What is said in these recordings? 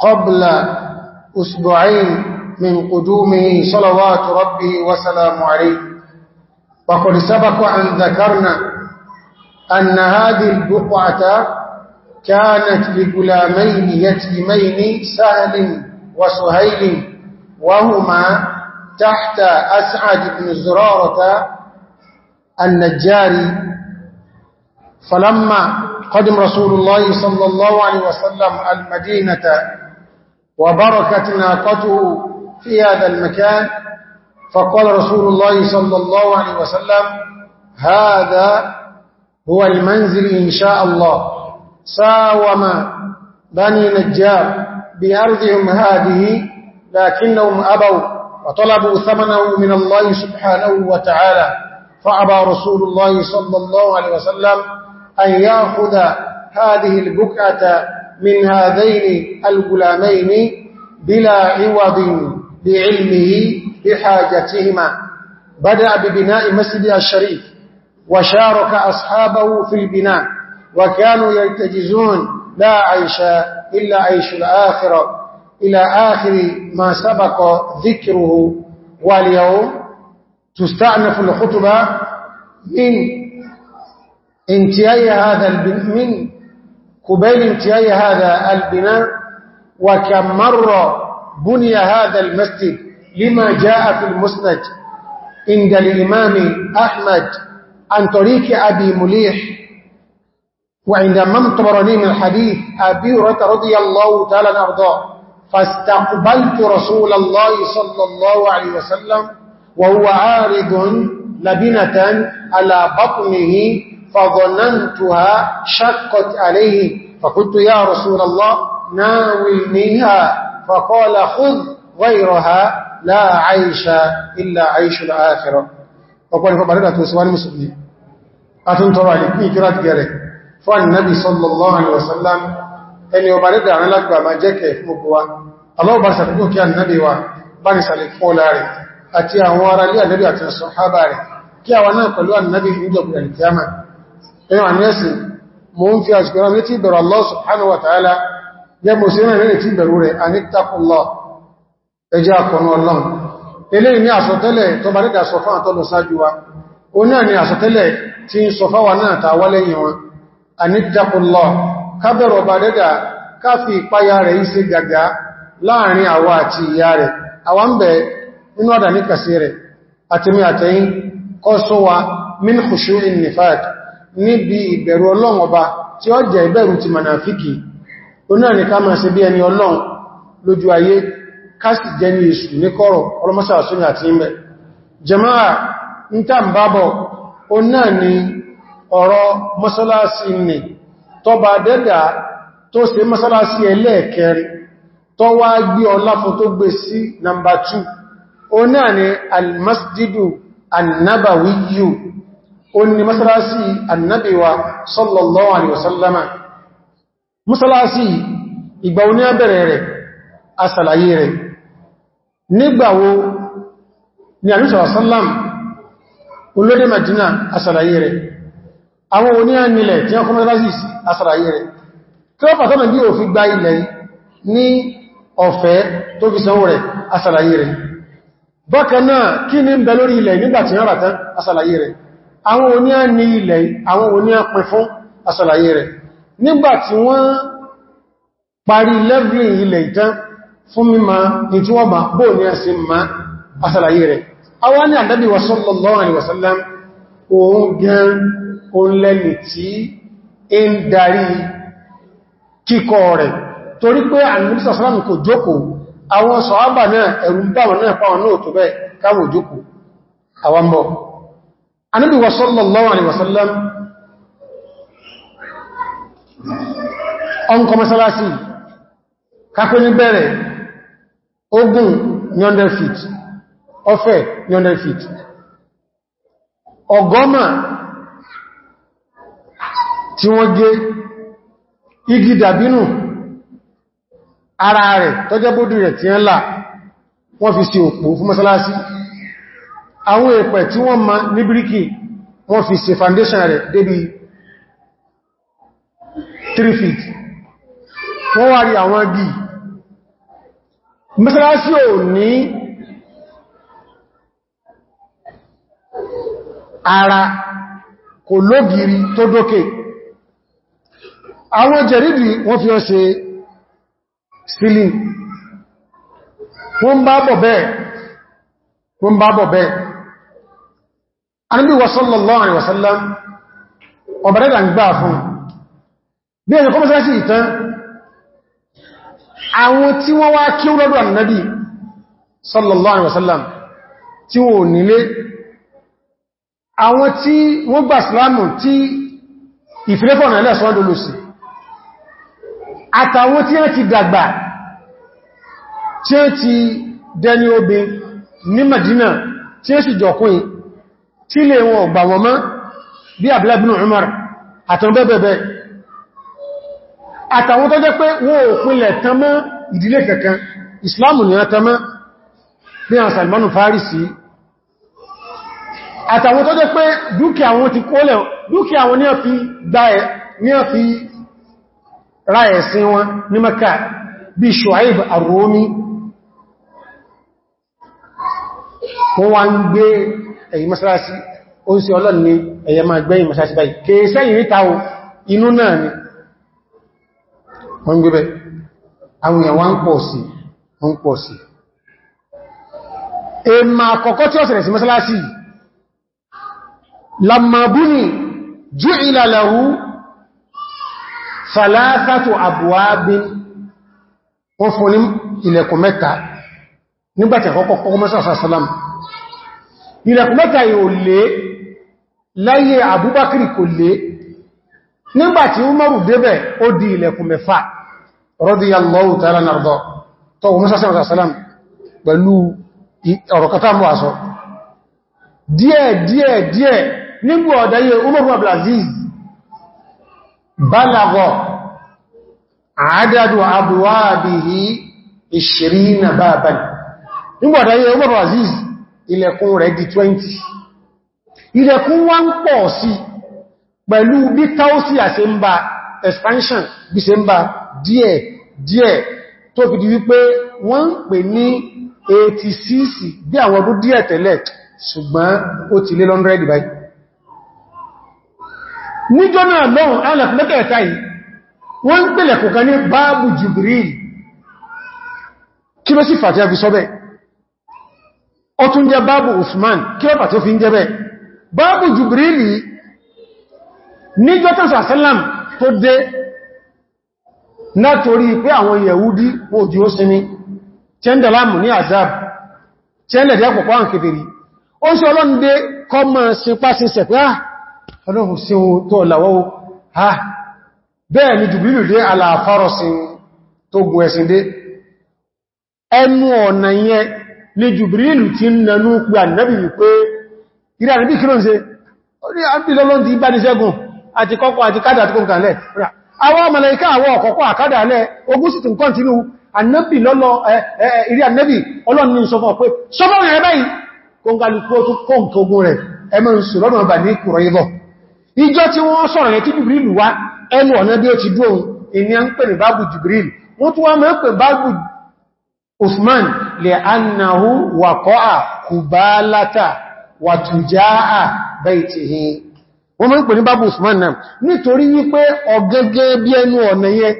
قبل أسبوعين من قدومه صلوات ربه وسلام عليه وقد سبق أن ذكرنا أن هذه البقعة كانت لغلامين يتيمين سهل وسهيل وهما تحت أسعد بن زرارة النجاري فلما قدم رسول الله صلى الله عليه وسلم المدينة وبركت ناقته في هذا المكان فقال رسول الله صلى الله عليه وسلم هذا هو المنزل إن شاء الله ساوم بني نجار بأرضهم هذه لكنهم أبوا وطلبوا ثمنه من الله سبحانه وتعالى فأبى رسول الله صلى الله عليه وسلم أن يأخذ هذه البكعة من هذين الغلامين بلا عوض بعلمه بحاجتهما بدأ ببناء مسجد الشريف وشارك أصحابه في البناء وكانوا يلتجزون لا عيش إلا عيش الآخرة إلى آخر ما سبق ذكره واليوم تستأنف الخطبة من انتهاء هذا من قبيل انتهاء هذا البناء وكم مرة بني هذا المسجد لما جاء في المسند عند الإمام أحمد عن طريق أبي مليح وعند طبرني من حديث أبي رت رضي الله تعالى أرضاه فاستقبلت رسول الله صلى الله عليه وسلم وهو عارض لبنة على بطنه فظننتها شقت عليه فقلت يا رسول الله ناولنيها فقال خذ غيرها لا عيش إلا عيش الآخرة فقال فبعدنا توسواني مسلمين أتنطر عليك إكرات قاله فالنبي صلى الله عليه وسلم أن يبارد عن لك ما جاك فوقوا الله برسلتك يا النبي وبرسلت فولاري أتي أهوار لي النبي أتنى الصحابة كي أولا قلوا النبي يجب الكيامة ẹ̀yàn àníẹ́sìn mo ń fi àṣìkò rán ní tí ìbẹ̀rù Allah subhanahu wa ta'ala yẹ mo sí rẹ̀ tí ìbẹ̀rù rẹ̀ anítàkùnlọ ẹjẹ́ àkọ̀nà ọlọ́run eléyìí ní àsọtẹ́lẹ̀ tó bá dídà sọ fún àtọ́lọ sáájú wa ó náà ni àsọtẹ́lẹ̀ tí ń sọ fáwà náà ta wá lẹ́yìn wọn anítàkùnlọ kábẹ̀rọ̀ bá dídà káfí ìpáyà rẹ̀ ń ṣe min khushu'in nifaq níbi ìbẹ̀rù ọlọ́run ọba tí ó jẹ́ ìbẹ̀rù ti mànàfíkì onáà ni ká máa ṣe bí ẹni ọlọ́run lójú ayé ká jẹ ní èṣù ní kọ́rọ̀ ọlọ́mọ́sàásùn àti ìmẹ̀ jẹmáà ń tàn bábọ̀ ó ní masalasi annabiwa sallallahu alaihi wasallama masalasi ìgbà oní abẹ̀rẹ̀ rẹ̀ asàlàyé rẹ̀ nígbàwo ni àrísọ̀ sallam olóde madina asàlàyé rẹ̀ àwọn oní ànilẹ̀ tí wọ́n kọ́ masalasi asàlàyé rẹ̀ kí wọ́n pàtàkì bí ò fi gba ilẹ̀ ní ọ̀fẹ́ tó fi sanwó rẹ̀ asàlàyé rẹ̀ bákan náà kí ní ń bẹ lórí ilẹ̀ nígbàtí wọ́n àwọn oní à ní ilẹ̀ àwọn oní à pẹ fún asàlàyé rẹ̀ nígbàtí wọ́n parí leveling ilẹ̀ ìtàn fún mímá ní tí wọ́n bá bó ní ẹsẹ ma asàlàyé rẹ̀ awá ní àdábí sallallahu alaihi wasallam òun gan òun lẹ́ni tí ń darí kíkọ rẹ̀ torí pé àníbí sàsánàmì kò jókòó àwọn sọ̀hábà náà ẹ̀rù ń bá wọn náà pàwọn náà tó bẹ́ẹ̀ káwọn jókòó àwọn mọ́ Ànábì wa sallallahu alaihi wasallam ọkọ̀ masalasi kakwe ní bẹ̀rẹ̀ ogun 100 feet ọfẹ́ 100 feet ọgọ́mà tí wọ́n gé igi dàbínú ara rẹ̀ tọ́jẹ́bódú rẹ̀ tí ń là wọ́n fi sí òpó fún masalasi àwọn èpẹ̀ tí wọ́n ma ní bíríkì wọ́n fi ṣe foundation rẹ̀ débi 3 feet wọ́n wá rí àwọn gí mẹ́sàlásí ò ní ara kò lógiri tó dókè àwọn jẹ̀rídì wọ́n fi ọ́ ṣe sílì wọ́n bá bọ̀ bẹ́ẹ̀ wọ́n bá bọ̀ bẹ́ẹ̀ Ànábì wa sallallahu alaihi wasallam ọ̀bẹ̀rẹ̀ là ń gbà fún bí ẹni kọ́ mọ́sánásí ìtàn àwọn tí wọ́n wá kí lọ́dọ̀ Ànábì sallallahu alaihi wasallam tí wọ́n nílé àwọn tí wọ́n gbà sílámù tí ìfìrẹ́fọ̀nà ẹlẹ́sọ́dọ̀lọ́sì àtàwọn tí wọ́n ti dàgbà tí ó ti dẹni obin ní Madina tí ó sì jọkún tí lè wọn ọgbà wọn mọ́ bí àbílábínú Umar àtàwọn bẹ́bẹ̀bẹ̀ àtàwọn tó jẹ́ pé wọ́n òpinlẹ̀ tán mọ́ ìdílé kankan islamu ni wọ́n tán mọ́ bí i Salmanu Farisi àtàwọn tó jẹ́ pé dúkìá wọn ti kólẹ̀ a fi dáẹ̀ ní a fi ra ẹ̀sìn wọn ní Mẹ́kà bí Shu'aib ar-Rumi wọ́n wá ń gbé ẹ̀yí mọ́sálásí ó ń sí ọlọ́run ní ẹ̀yẹ máa gbẹ́yìn mọ́sálásí báyìí kèèṣẹ́ yìí ríta o inú náà ni wọ́n ń gbẹ́bẹ̀ àwọn èèyàn wọ́n pọ̀ sí wọ́n pọ̀ sí èèmà àkọ́kọ́ tí ó ṣẹlẹ̀ sí mọ́sálásí lamabuni ju'ila lahu salasatu abwabin wọ́n fún ní ilẹ̀kùn mẹ́ta nígbàtí àkọ́kọ́ kọ́kọ́ mọ́sálásí ìrẹ̀kùnmẹ́ta yìí ò lé láyé àbúbákìrì kò lé nígbàtí umaru débẹ̀ ó di ilẹ̀kùn mẹ́fà radiyallahu ta'ala nàrdọ̀ tọ́ òun sásẹ́ ọ̀sásálàm pẹ̀lú ọ̀rọ̀kátà mú àṣọ díẹ̀ díẹ̀ díẹ̀ nígbò ọ̀dáyé umaru abdulaziz balagọ̀ àádádù abúwábìí 20 bábáni nígbò ọ̀dáyé umaru abdulaziz ilẹ̀kùn rẹ̀ di 20 ilẹ̀kùn wá ń pọ̀ sí pẹ̀lú bí táúsí àṣẹ ń bá expansion bí ṣe ń bá díẹ̀ díẹ̀ tó fi di wípé wọ́n ń pè ní 86 bí àwọn ọdún díẹ̀ tẹ́lẹ̀ ṣùgbọ́n ó ti lé 100 báyìí níjọ́ náà lọ́rùn alẹ́kùn mẹ́tẹ̀ẹ̀ta yìí wọ́n ó tún jẹ́ báàbù Usman kí ó pàtí ó fi ń jẹ́ bẹ́ báàbù Jubrili ní jọ́tọ̀sà sẹ́lám tó dé látorí pé àwọn Yahudi òjì ó sinmi tẹ́ndàlámù ní azab tẹ́lẹ̀dẹ́ àpọ̀pọ̀ àwọn kèfèrí ó ṣe ọlọ́ndé kọmọ sípasínsẹ̀ pé ah ọlọ́run sí ohun tó ọ̀làwọ́ ah, ni Jubrili dé aláàfárọ̀sìn tó gùn ẹ̀sìn dé ẹnu ọ̀nà yẹn ní jùbìrìlù tí ń nanú pé ànábì wípé ìrẹ́ ànábì kí ló ń ṣe orí àbílọ́lọ́n ti bá ní ṣẹ́gun àti kọ́kọ́ àti kádà àti kọ́kọ́ alẹ́ àwọn màláíkà àwọn ọ̀kọ́kọ́ àkádà alẹ́ ogún sì tún kọ́ntínú ànábì lọ́lọ́ ìrẹ́ ànábì ọlọ́run ní sọ fún ọ pé sọ́mọ́ rẹ̀ báyìí kọ́ngalùkú ó tún kọ́ǹkọ́ ogun rẹ̀ ẹmọ́ ń sùn lọ́nà ọba ní kùrọ̀ ìbọ̀ ìjọ tí wọ́n sọ̀rọ̀ yẹn tí jùbìrìlù wá ẹnu ọ̀nà bí ó ti dúró ìní à ń pè ní báàbù jùbìrìlù wọ́n tún wá mẹ́ pè báàbù عثمان لأنه وقع قبالة وتجاء بيته wọ́n mọ́ ní bábú Usman náà nítorí wípé ọ̀gẹ́gẹ́ bí ẹnu ọ̀nà yẹ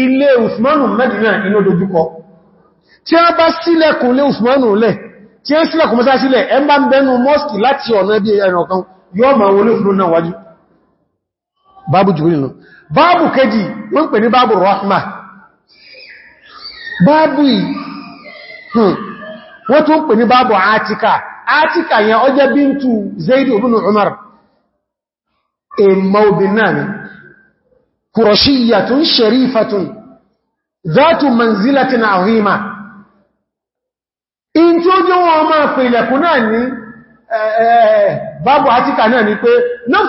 ilé Usmanu Medina inú dojúkọ tí a bá sílẹ̀kùn lé Usmanu lẹ̀ tí a sílẹ̀kùn láti ọ̀nà bí yóò máa wọlé fún náà wájú bábú kejì wọ́n pè ní bábú Rahma bábú Hmm. wọ́n tún pè ní bábọ̀ átíkà átíkà yẹn ọjẹ́ bíntù zaidi ibn umar èmà obìn náà ni kùrọ̀ṣíyàtún sharifatun zátù manzilatin àríma in tí ó jẹ́ wọn máa pè ilẹ̀kùn náà ní bábọ̀ átíkà náà ni pé náà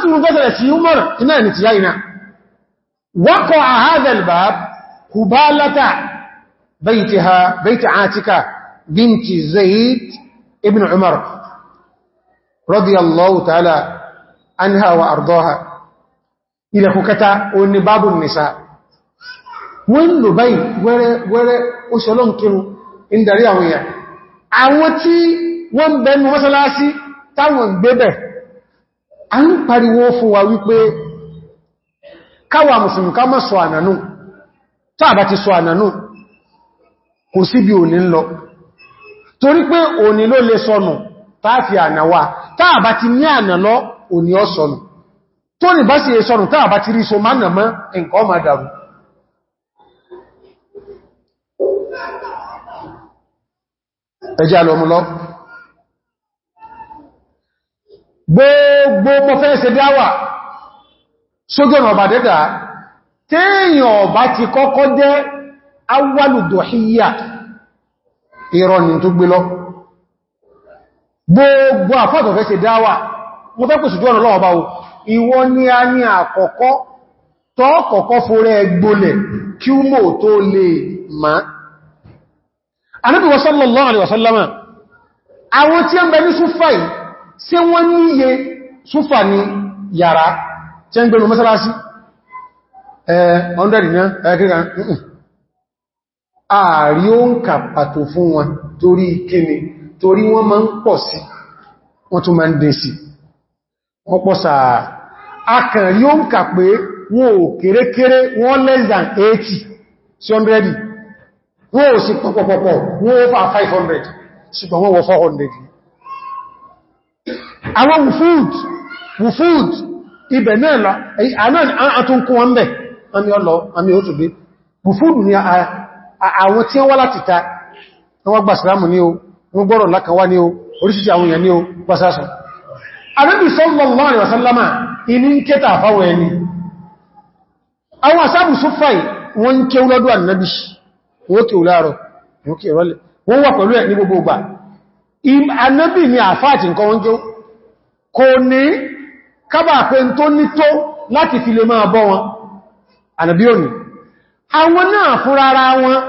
بيتها بيت عاتكة بنت زيد ابن عمر رضي الله تعالى عنها وأرضاها إلى كوكتا وإن باب النساء wọ́n lò báyìí wẹ́rẹ́ oṣòlọ́n kírun ń darí àwọn èèyàn àwọn tí wọ́n bẹnu mọ́sálásí táwọn gbébẹ̀ a ń pariwo fún wa wípé káwà mùsùlùmí ká mọ́ sọ ànànú tàbà ti sọ ànànú kò síbi òní ń lọ torí pé òní ló lè sọnù táàfi ànàwà táàbá ti ní ànà lọ òní ọ sọnù tó ní bá sì è sọnù táàbá ti rí so má nà mọ́ nǹkan ọmọ dàrú ẹjá lọ mú lọ gbogbo pọfẹ́ẹ̀sẹ̀ dáwà sójọ́nà ọ̀bàdẹ́dà téèyàn ọ̀bá ti kọ́kọ́ jẹ́ awwalu duhiyya ìrọ̀nì tó gbé lọ gbogbo àfọ́tọ̀ fẹ́ ṣe dáwà mo fẹ́ pèsè jọ́nà lọ́wọ́ báwo ìwọ ni a ní àkọ́kọ́ tọ́ kọ̀kọ́ fórẹ́ gbólẹ̀ kí ó mò tó lè má Ànábì sallallahu alaihi wasallam àwọn tí ó ń bẹ 100 ní ààrí ó ń kà pàtó fún wọn torí kíni torí wọ́n ma ń pọ̀ sí wọ́n tún máa ń dé sí wọ́n pọ̀ sàá akànrí ó ń kà pé wọ́n ò kérékéré wọ́n less than 80 sí 100 wọ́n ò sí pọ̀pọ̀pọ̀pọ̀ wọ́n ó fà 500 ṣùgbọ́n wọ́n wọ 400 àwọn wùfúùd wùfúùd ibẹ̀ náà lọ àtúnkún wọn bẹ̀ àmì ọlọ àwọn tí wọ́n láti ta wọ́n gbà sàrámù ní o wọ́n gbọ́rọ̀ lákàwà ní o oríṣìí àwọn èèyàn ní o gbásásùn Ànábì sallallahu alaihi wasallama inú kéta fáwọn ẹni àwọn asábù súfàì wọ́n ń kéwú lọ́dọ̀ Ànábì ni àfáàtì nǹkan wọ́n kéwú kò ní kábà pé tó ní tó láti fi lè máa bọ́ náà fúnra ara wọn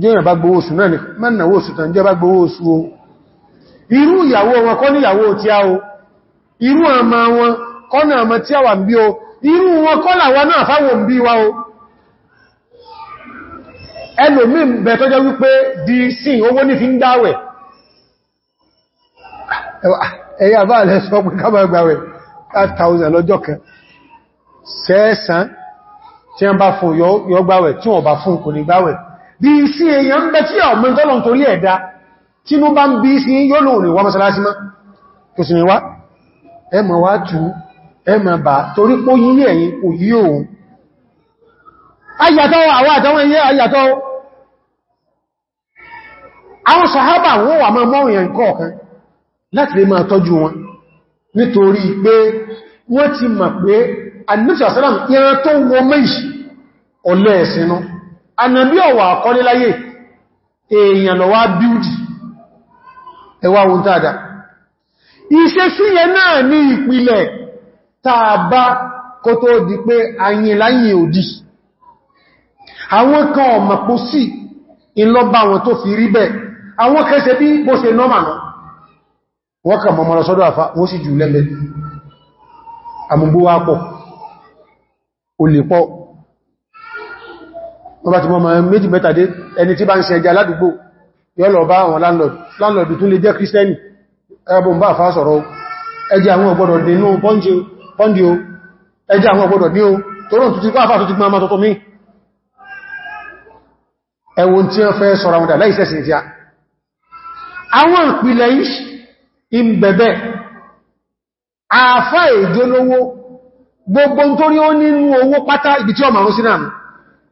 jẹ́yàn bá gbówó oṣù náà ni mẹ́nàwó oṣù tàn jẹ́ bá gbówó oṣù o irú ìyàwó wọn kọ́ tí a o irú àmà wọn kọ́ náà ọmọ tí a wà ń bí o irú wọn kọ́ làwọn náà fáwọn bí wa o ẹlòmí bẹ̀ tọ́jọ́ wípé di sí owó ní fi ń dáwẹ̀ tí wọ́n bá bá fún kò ní bí i sí èèyàn ń bẹ tí ọmọ ìtọ́lọ̀ torí ẹ̀dá tí mú bá ń bí sí yóò lòun ìwà ema mọ́ kò sì níwá ẹmọ̀ wá tú ẹmọ̀ bà torí pó yí ẹ̀yìn kò yí òun ayàtọ̀ àwọn àtàwọn ẹyẹ ayàtọ̀ àwọn sàhábà ti ànàbí ọ̀wà àkọ́léláyé èèyàn lọ wá bíúdì ẹwà ohun tààdà iṣẹ́ síyẹ náà ní ìpìlẹ̀ tààbá kó tó di pé ayin láyìn òdì àwọn kan ọmọ pò sí ìlọ́bà wọn tó fi rí bẹ́ẹ̀ àwọn kẹsẹ̀ bí bó ṣe nọ́mà náà wọ́n kà mọ́mọ́ lọ wọ́n bá ti mọ́ méjì mẹ́tàdé ẹni tí bá ń ṣe ẹja aládùgbò yọ́lọ bá àwọn láńlọ̀dù tún lè jẹ́ kírísítẹ́nì ẹbùn bá fà sọ̀rọ̀ ẹjẹ́ àwọn ọgbọ́dọ̀ dínú pọ́ndì o ẹjẹ́ àwọn ọgbọ́dọ̀ ní o torún tó ti pá àfà tó ti máa tọ́tọ́ mí ẹwọ́n tí wọ́n fẹ́ sọ̀rọ̀ àwọn dàláìsẹ́sìn tí a àwọn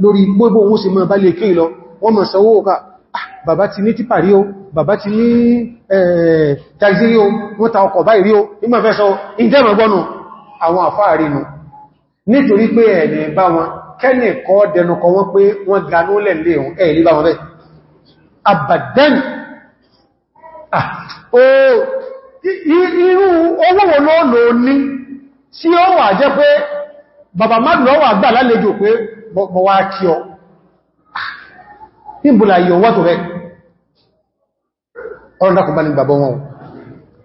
lórí gbogbo ohun si mọ́ bá lè kéè lọ wọ́n mọ̀ sanwó ọkà ah, bàbá ti ní típàrí o bàbá ti ní taxi o wọ́n ta ọkọ̀ báyìí o nígbà fẹ́ sọ ìjẹ́mọ̀ àwọn àfáàrí nù nítorí pé ẹ̀ẹ̀ni bá wọn kẹ́nì kọ́ dẹnukọ wọn pé wọ́n ganú lẹ̀lẹ́ mọ́ wá kí ọ níbùlà yíò wá tó rẹ̀ ọlọ́dàkùnbá ní bàbá wọn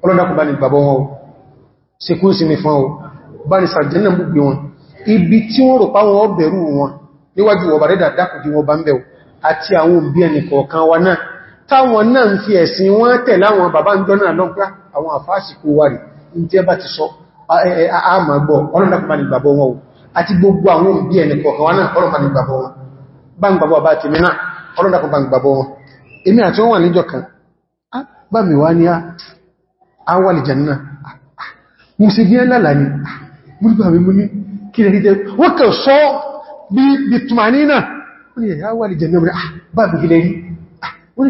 ọlọ́dàkùnbá ní bàbá wọn sekú sí mi fún ọ bá ní sàjẹ́nà gbogbo wọn ibi tí wọ́n rò páwọn ọbẹ̀rù wọn níwájú ọba rẹ̀ dàdákù jí wọn bá ń bẹ̀ àti àwọn òbí ẹni kọ̀ọ̀kan wa náà táwọn náà ń fi ẹ̀sìn wọn tẹ̀ láwọn bàbá ń jọ náà lọ́pàá àwọn àfáàsìkò wà rí ní tí ẹ bá ti sọ àmàgbọ̀ ọlọ́dàkùnbá ní bàbá wọn àti gbogbo àwọn òbí ẹni kọ̀ọ̀kan wọn náà ọlọ́pàá ní gbàbọ̀ wọn bá ń gbàbọ̀ àbá àti mìíràn ọlọ́dàkùn bá ń gbàbọ̀ wọn èmi àti wọ́n wà níjọ kan bá mi wá ní àwàlì jẹ́nà mú sí bí ẹ́lá ní múlùgbà mi mú ní kí lè ni àwàlì jẹ́nà mú bá mi gílẹ̀ rí wọ́n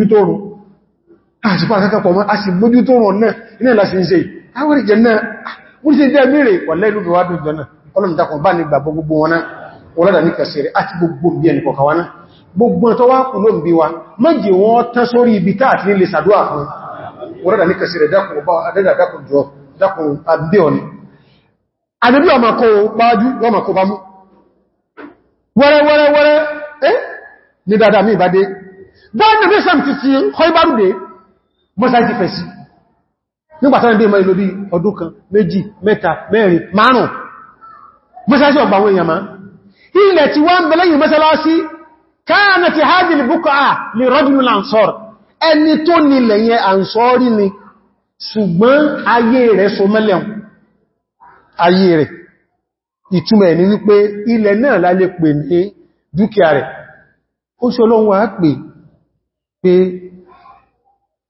ni àti pàtàkì kẹ́kọ̀ọ́ mọ́ a sì mójú tó rọ̀ náà iná ìlàsí ń ṣe àwọn ìjẹ náà wọ́n ti jẹ́ mẹ́rẹ̀ wọ̀lẹ́ ìlú ìwà bí ìjọna ọlọ́mìdàkùn bá ní gbàgbọ́ gbogbo wọn wọ́lọ́dà ní kẹsẹ̀rẹ̀ àti gbogbo bí ẹnì kọ̀ọ̀kan wọn gbogbo tó wá kù lóǹbí wa méjì wọn tán sórí ibi táàtì nílé sàdúà fún wọ́lọ́dà ní kẹsẹ̀rẹ̀ dákùn ọba adẹ́dà dákùn jọ dákùn eh ní dáadáa mi ìbádé bọ́ọ̀nà mẹ́sàn ti ti kọ́ ibárúdé bọ́sá ti fẹ̀ sí nígbàtánà bí i mọ́ ìlú bí ọdún kan méjì mẹ́ta mẹ́rin márùn bọ́sá sí ọgbà àwọn èèyàn máa ilẹ̀ tí wọ́n bẹ̀lẹ̀ yìí mọ́sálásí káàna ti hajjì lè búkọ̀ à ni ṣùgbọ́n ayé rẹ̀ so mẹ́lẹ̀ ayé ni wípé ilẹ̀ náà lálẹ́ pè ní dúkìá rẹ̀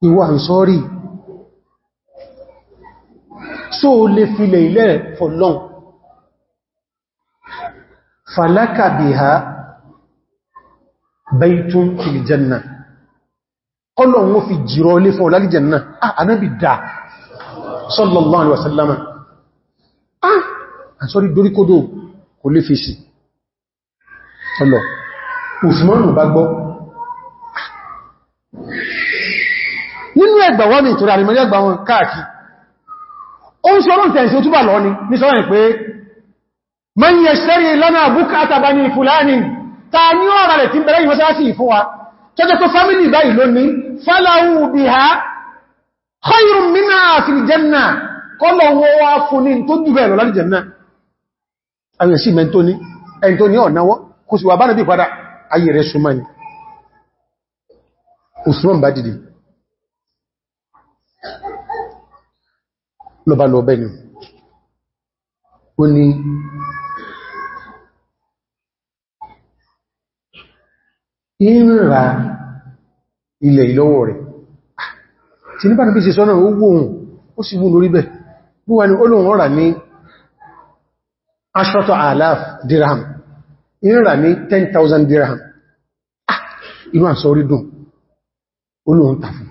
ìwọ àìsọ́rí so lè filẹ̀ ilẹ̀ for long falaka biha baytun fil janna ọlọ́run ó fi jìrọ ilé fún ọlá janna ah anábì dá sallallahu alaihi wasallama ah àìsọ́rí doríkodò kò lè fèsì ọlọ́ Usmanu bá gbọ́ nínú ẹgbà wọ́n ní ìtòrò àrìmọ̀lẹ́ ẹgbà wọn káàkì ó ń sọ́rọ̀ tẹ̀sí ó túbà lọ ní ní sọ́rọ̀ pé man yashtari lana bukata bani fulani ta ní ọ̀rọ̀ rẹ̀ tí bẹ̀rẹ̀ ìmọ́sáàsì ìfún wa tọ́jọ́ biha khayrun minha fil janna kọ́lọ̀ wọ́n wá fún ní tó jù bẹ̀rẹ̀ lọ́lá jẹ́nà àwọn èsì mẹ́ntó ní ẹni tó ní Usman bá lọba lọ bẹ́ni ó ní ìrìnra ilẹ̀ ìlọ́wọ̀ rẹ̀ ah, tí nípa níbi ìsẹsọ́nà ó wó ohun ó sì wú lórí bẹ̀ bú wa ni olóhun ọ̀rà ní ashrata alaf dirham ìrìnra ní 10,000 dirham ah, inú àṣọ orí dùn olóhun tàfí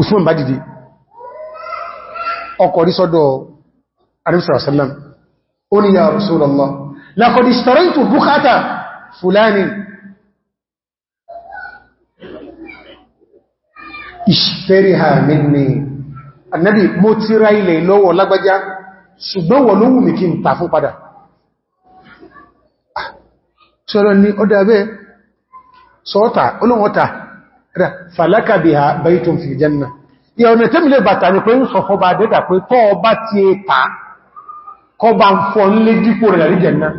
Usman bá dìde ọkọ̀ rí sọ́dọ̀ àrísàrásàlám ó ní ya Rasulullah laqad ishtaraytu bukhata fulani ishtariha minni annabi mo ti ra ilẹ̀ lọ́wọ́ lágbájá ṣùgbọ́n wọ́n ló wù mí kí n tà fún padà ah, ṣọ́rọ̀ ni ọdá abẹ́ sọ́ọ̀tà olóòwọ́ta rẹ̀ falaka biha baytun fi janna ìyọ̀nà tí mílẹ̀ bàtà ní pé ń sọ fọba àdẹ́dà pé tọ́ ọba ti ẹ̀ta e kọba ń fọ́ nílé dípò rẹ̀ rí jẹ̀ náà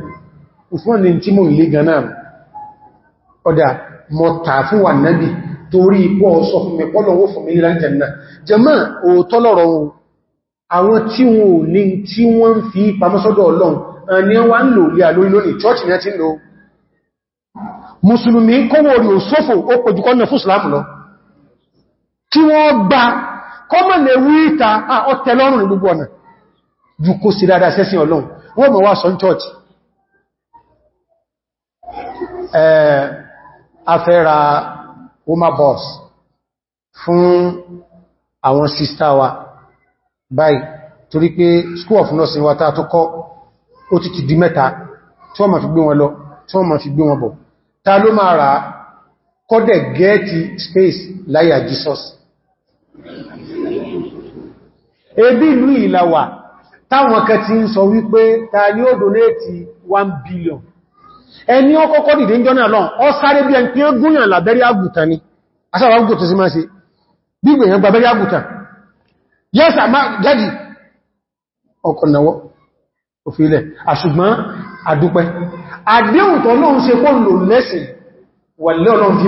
òfin ní tí mò ń lé gan náà ọ̀dà mọ̀ta fún wà náàbì torí ipò ọ̀sọ̀ fún mi pọ́lọ̀wọ́ fún mi nílá jẹ̀ náà jẹ́mọ́ òótọ́ lọ́rọ̀ wọn àwọn tí mùsùlùmí kówó orí òṣòfò ó pẹ̀jùkọ́ náà fún ìsìlámù lọ kí wọ́n gba kọ́mọ̀ lè wí ìta ọ̀tẹ̀lọ́rùn ah, ní gbogbo ọ̀nà jù kó sí dáadáa sẹ́sìn ọlọ́run wọ́n mọ̀ wá sọ́n church afẹ́ra oma boss fún àwọn sista wa báyìí torí pé school of nursing wa tàà tó kọ́ ó ti ti di mẹ́ta tí wọ́n ma fi gbé wọn lọ tí wọ́n ma fi gbé wọn bọ̀ ta ló máa rà kọ́dẹ̀ Jesus ebí ìlú ìlàwà táwọn kẹ ti ń sọ wípé ta ni ó donéètì 1 billion ẹni ó kọ́kọ́ dìde ń jọ́nà lọ́n ọ sáré bí ẹn pín gúnyàn lábẹ́rí àgùtà ni asáwà ń gòtò sí máa ṣe bí gbèyàn gbàbẹ́rí àgùtà yẹ́sà máa jẹ́dì ọkọ̀ náwọ́ òfilẹ̀ àṣùgbọ́n àdúpẹ́ àdéhùn tọ́lọ́un ṣe pọ́ lò lẹ́sìn wà lẹ́ ọlọ́run fi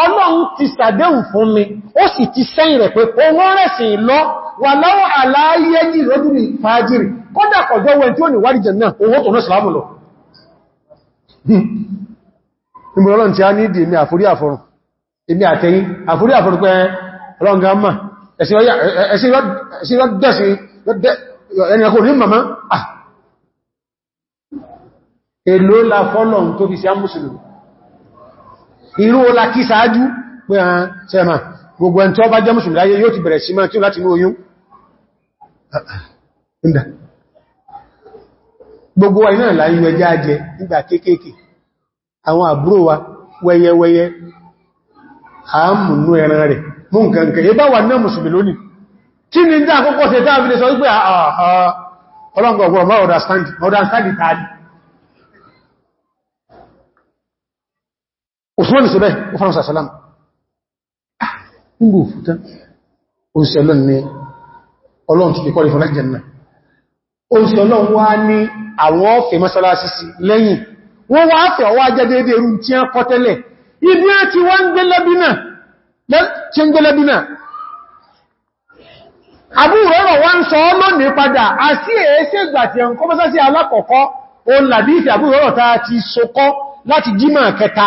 ọlọ́run ti sàdéhùn fún mi ó sì ti sẹ́yìn rẹ̀ pé owó rẹ̀sìn lọ wà láwọ́ aláyẹ́jì lójúrí fàájìrì kọ́dà kọjọ́ wẹ́n tí ó ní wárí jẹ náà owó tó náà sàlámù lọ ìmọ̀lọ́run ti a ní ìdí èmi àforí àforùn èmi àtẹ̀yìn àforí àforùn pé ọlọ́run ah! èlò la fọ́lọ̀ tó fi sí á mùsùlùmí irú ọlá kí sáájú pé àwọn ah, sẹ́mà gbogbo ẹn tó bá jẹ́ mùsùlùmí láyé yóò ti bẹ̀rẹ̀ sí máa tí ó láti ní oyún ah, ah, gbogbo iná láyé ẹjá nígbà kéékèèké àwọn àbúrò wa wẹ́yẹwẹ́yẹ ẹran rẹ̀ mú nǹkan ni Òṣùwọ́n ìṣẹ́bẹ̀ òfàrùn sàṣàlám. Ngbò ah, fúta, oúnṣẹ́ ni ọlọ́run ti fi kọ́lì fún lájẹ̀ náà. Oúnṣẹ́ ọlọ́run wá ní àwọn ọ̀fẹ́ mọ́sálásí sí lẹ́yìn. Wọ́n wá fẹ́ ọwá jẹ́ déédé rú a kọ́ tẹ́lẹ̀. Ibi á ti wá ń gbé lẹ́bínà. Àbúrò ọ̀rọ̀ wá ń sọ ọlọ́ni padà, a sí èéṣẹ́ ìgbà tí ẹnkọ́ mọ́sálásí alákọ̀ọ́kọ́, òun làdí ìfẹ́ àbúrò ọ̀rọ̀ ta ti sokọ́ láti jímọ̀ kẹta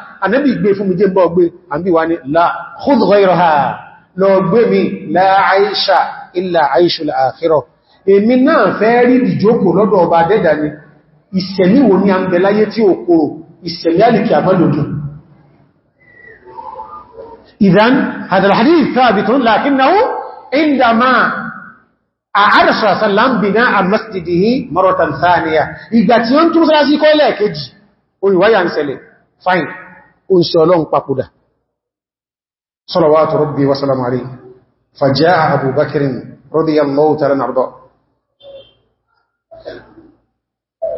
ànábì gbé fún mi jẹ́ bọ́ gbé àbí wá ní la khudh ghayraha lọ gbé mi la aisha illa aishul akhirah èmi na fẹ́ rí di joko lọ́dọ̀ ọba dẹ́dà ni ìṣẹ̀mí wo ní be láyé tí ó kòrò ìṣẹ̀mí alìkì àmọ́lòdù ìdán hada àdàlhàdí thabit lákínnáwó indama a'arsha sallam bìná àmásìdìdì mọ́rọ̀tàn sáàníyà ìgbà tí ó ń túnmọ́sára sí kọ́ yi wa ya nsele fine ó ń ṣe ọlọ́run papòdà salawatu rabbi wa salamu alayhi fajaa Abu Bakr radiyallahu ta'ala anhu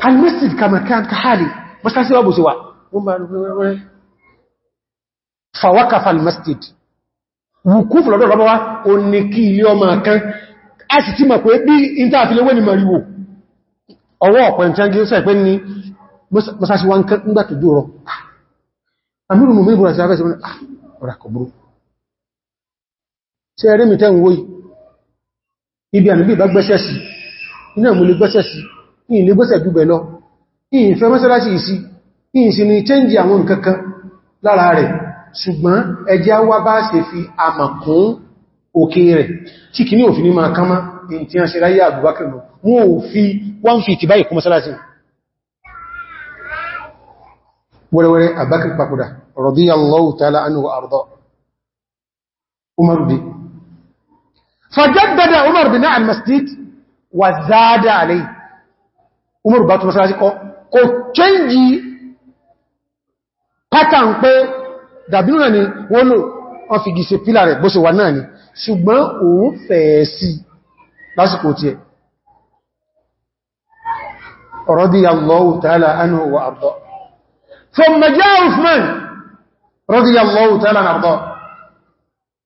hal masjid kama kan ka hali basta si wabu si wa fa waqafa al masjid wukufu lọ́dọ̀ lọ́bọ̀ wá o ní kí ilé ọmọ kan a sì ti mọ̀ pé bí ìntàfilé wé ni mariwo amírùn mú mẹ́bùn àti afẹ́sẹ̀ wọn ah, ọ̀rà kọ̀bùrú tí ẹ̀rẹ́ ibi ànìbí bá gbẹ́sẹ̀ sí iná mú lè gbẹ́sẹ̀ sí ìyìn ni chẹ́njì àwọn nǹkankan lára rẹ̀ ṣùgbọ́n ẹjẹ́ wá bá ṣe fi àmàkún òkè rẹ̀ tí kì ní òfin ní máa kánmá ìyìn a ṣe ráyé àgbùbákẹ̀lọ wọn ò fi wọ́n fi ìtìbáyìí kún mẹ́sẹ̀láṣì wẹ́rẹ́wẹ́rẹ́ àbákì papòdà radiyallahu ta'ala anhu wa arda umaru di fajaddada umaru bina al-masjid wa zada alayhi umaru bá tún mọ́sánásí kọ́ kò chẹ́njì pátán pé dàbínú náà ni wọ́n lò wọ́n fi gìí se pílà rẹ̀ bó ṣe wà náà ni ṣùgbọ́n òun fẹ̀ẹ́ sí lásìkò tí ẹ̀ radiyallahu ta'ala anhu wa ثم جاء عثمان رضي الله تعالى عنه أرضاه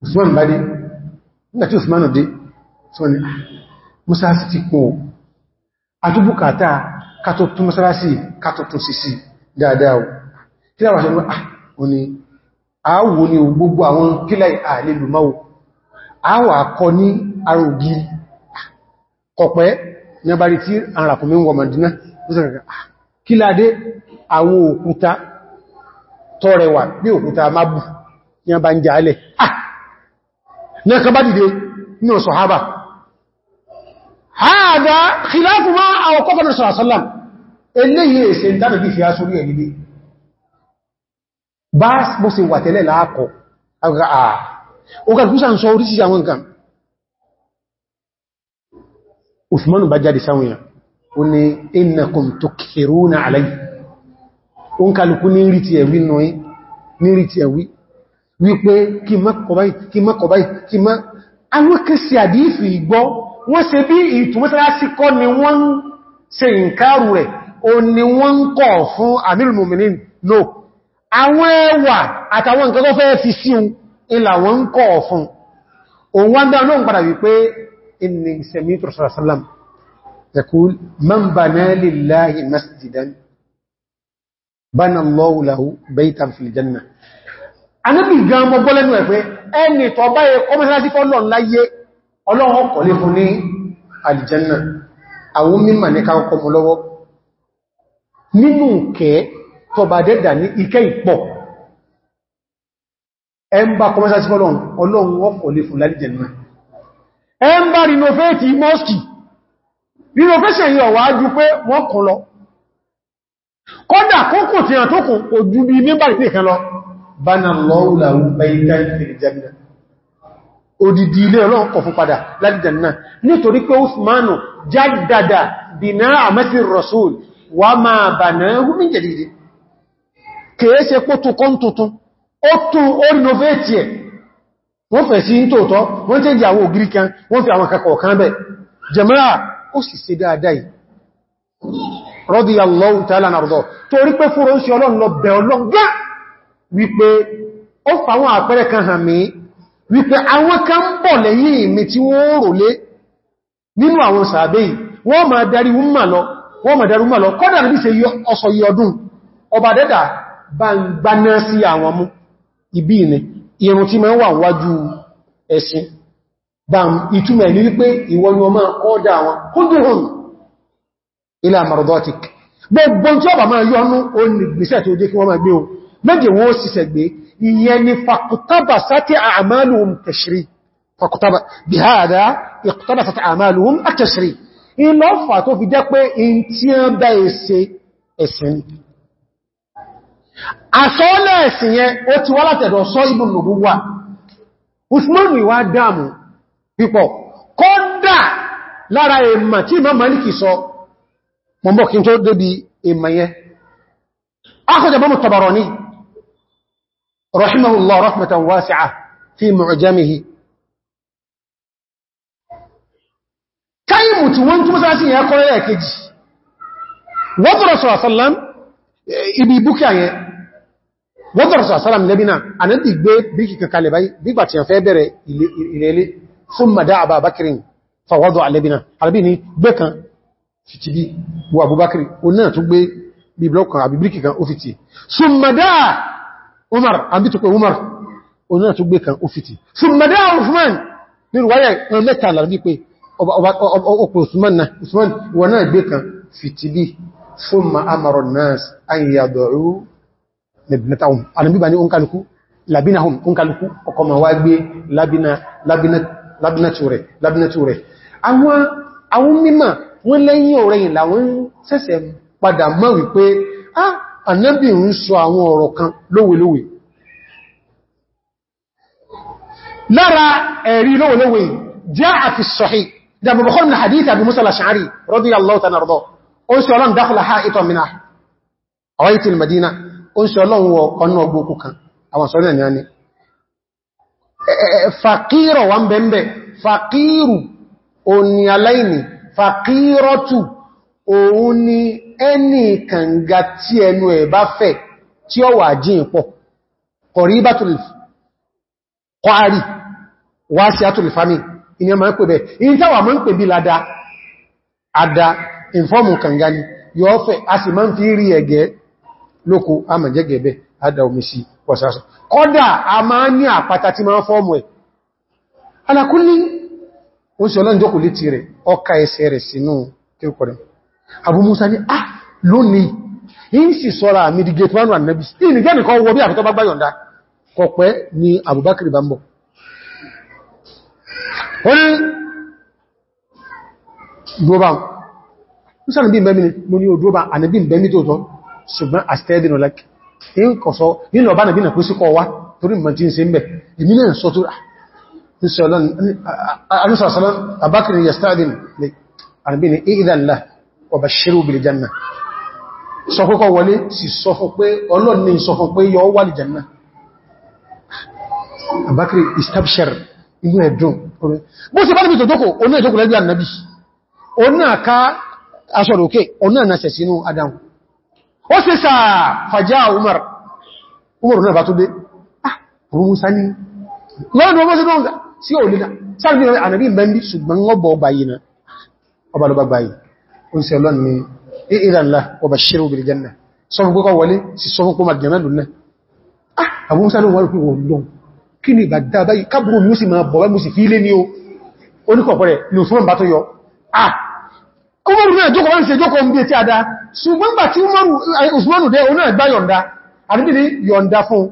عثمان بدي نتي عثمان دي عثمان مساسي ti kó àtúbùkátà kàtòtún mọ́sálásí kàtòtún sisi dáadáa o kí láwà ṣe ní àní àáwò ní gbogbo àwọn kílá àlèlùmáwò àáwà akọ ní arógí kọ̀pẹ́ ní abárí tí àràkùnmí wọ mọ̀dínà kílá dé àwọn òkúta tọrẹwà bí òkúta mábù ní a bá ń jàálẹ̀ ah náà kan bá dìde ní ọ̀sọ̀ hábà hádá kìláàfù máa àwọn kọ́kọ́dọ̀ sọ̀rọ̀sọ́lám eléyìí èsẹ̀ ìtàbí bí fi á sórí ẹ̀yìn bá bó ṣe wà tẹ́lẹ̀ láàkọ̀ ah! Usmanu bá jáde sáwọn èèyàn, ó ní innakum tukthiruna alayhi ó ń kálukú ní rí ti ẹ̀wí nù yí ní rí ti ẹ̀wí wípé kí mọ́kọ̀báyì kí mọ́kọ̀báyì kí mọ́ àwọn kẹsì àdífì ìgbọ́ wọ́n ṣe bí ìtùmọ́sálásí kọ́ ni wọ́n ń ṣe ìǹkárù rẹ̀ o ni wọ́n ń kọ̀ fún amir muminin no àwọn ẹwà àtàwọn bánà lọ́wùláwù bẹ́ìtà fìlìjẹ́nà. anábì gan mọ́ bọ́lẹ́nu ẹ̀ pé ẹni tọ́ báyẹ kọmọ́sánásí fọ́lọ̀ láyé ọlọ́run kọ̀lé fún ní àlìjẹ́nà àwọn mímọ̀ ní káàkọ́ mọ́ lọ́wọ́ nínú kẹ́ tọba dẹ́dà ní ikẹ́ ìpọ̀ ẹmbà kọmọ́sánásí fọ́lọ̀ ọlọ́run kọ̀lé fún àlìjẹ́nà ẹmbà rinoveti mosque renovation yìí ọ̀wà ájú pé wọ́n kọ̀ lọ kọ́dà kókò tí àtó kò ojú bí mímbàrí pé kan lọ bánà lọ́wùláwù báyíká ìfìrìjẹ́nà odidi ilé ọlọ́run kọ̀ fún padà láti jẹ́nà rasul wà máa bàná húmin jẹ̀dìdì kèé ṣe pó tó kọ́n tuntun ó tún ó rinovate ẹ̀ wọ́n fẹ̀ sí tóòtọ́ wọ́n tẹ́ àwọn ògiri kan wọ́n fi àwọn kakọ̀ bẹ̀ jẹ́mọ́ra ó sì ṣe dáadáa radiyallahu ta'ala nàrọ̀dọ̀ torí pé fúnra ń ṣe ọlọ́run lọ bẹ̀ ọlọ́gá wípé ó fàwọn àpẹẹrẹ kan hàn mí wípé àwọn kan bọ̀ lẹ́yìn mi tí wọ́n rò lé nínú àwọn sàábé wọ́n ma darí umma lọ ma lọ kọ́dà ọsọ ibi irun ma ilá marodotic gbogbo tí ọba máa yọnú o ní gbèsè tó jẹ́ kí wọ́n máa gbé o méje wọ́n sísẹ̀ gbé ìyẹn ni fakutaba sáti àmàlùm tashri fakutaba bí hádá ìkutaba sáti àmàlùm atashri ilọ́fà tó fi jẹ́ pé in tí a bá ẹsẹ ẹ̀sìn àsọ́ọ́lẹ̀ ẹ̀sìn yẹn ó ti wá látẹ̀dọ̀ lára èèmà tí ìmọ̀ maliki sọ mọ́ mọ́ kí n tó débi ìmọ̀yẹ akọjọ bọ́mù Tabarani rahimahullah rahmatan wasi'a fi mu'jamihi káyìmù tí wọ́n túnmọ́ sáà sí ìyẹn kọ́ rẹ̀ kejì wọ́tọ̀rọ̀ sọ̀rọ̀sọ́lám ibi ibúkẹ́ àyẹn wọ́tọ̀rọ̀ sọ̀rọ̀sọ́lám lẹ́bínà ànábì gbé bí kìkàkalẹ̀ báyìí bígbà tí a fẹ́ bẹ̀rẹ̀ ilẹ̀ ilẹ̀ fún mọ̀dá àbábákirin fọwọ́dọ̀ àlẹ́bínà àlẹ́bí ni gbé kan títí bí wọ abubakar o náà tún gbé bí blọ́kù kan àbí bíríkì kan ó fi tì ṣùgbọ́dá umar àbí tó pé umar o náà tún gbé kan ó fi tì usman ní ruwaya ẹran mẹ́ta làrí pé ọpọ̀ usman na usman wọ náà gbé kan fi tì bí fún ma amaro nas ayyadọ̀rú labina labina labina ture labina ture àwọn mímọ̀ wọ́n lẹ́yìn ọ̀rẹ́yìn làwọn ṣẹ̀ṣẹ̀ padà mọ̀ wípé ah ànábì ń sọ àwọn ọ̀rọ̀ kan lówelówe lára ẹ̀rí lówelówe jẹ́ àfi sọ̀hí dàbùbùkọ́rùn hadith Abi Musa al-Ash'ari radiyallahu ta'ala anhu ó ń sọ fàkírọ́tù òun ni ẹni kànga tí ẹnu ẹ̀ bá fẹ̀ tí ó wà jí ìpọ̀ kọ̀rí wá sí àtùlùfàmì ìní ọmọ pẹ̀ lada ada ìfọ́mù kànga ni yóò fẹ́ a sì máa ń lóko a mọ̀ jẹ́gẹ̀ẹ́bẹ̀ ada omi sí wọ̀sásọ̀ kọ́dà a máa ní àpáta tí máa fọ́mù ẹ̀ alákúnlé ó sì ọlọ́run jókòó létí rẹ̀ ọka ẹsẹ̀ rẹ̀ sínú kíkọ̀ rẹ̀ Abu Musa ní ah lónìí yìí sì sọ́ra midigate manu and man annabi ní jẹ́ nìkan wọ bí àfitọ́ bá gbáyọ̀ndá kọ̀pẹ́ ni Abubakar bá ń bọ̀ wọ́n dúróbá Musa ní in kọ̀sọ́ nínú ọba nàbí nà wá alúsàsàlán àbákìrì yastadin lè àrìbìnì ìdánlá ọbàṣírù bìlì janna sọ kọ́kọ́ wọlé sì sọ fún pé ọlọ́n ni sọ fún pé yọ wà lì janna àbákìrì istabshir inú ẹ̀dùn bó sì bá níbi tòjókò oní ẹ̀jókò lẹ́gbẹ̀ annabi oní àká aṣọ́rọ̀kẹ́ oní ànàṣẹ̀ sínú adam ó sì sàá fàjá umar umar náà tí ó lè sáàbí ànàbí mẹ́ndí ṣùgbọ́n ọgbọ̀ ọgbàyì na ọbalọgbàgbàyì o ń ṣe ọlọ́nà ni ìrànlá ọba ṣírò bil janna sọ fún kọ́kọ́ wọlé sí sọ fún kọ́ màjẹ̀mẹ́ lùnà àwọn sáré wọ́n rí wọ́n kí ni ìgbà dáadáa yìí kábùrù mú sí máa bọ̀ bá mú sí fílé ní o oníkọ̀ọ̀kọ̀ rẹ̀ ní òṣùwọ́n bá tó yọ ah Umaru eh, yọ̀nda fún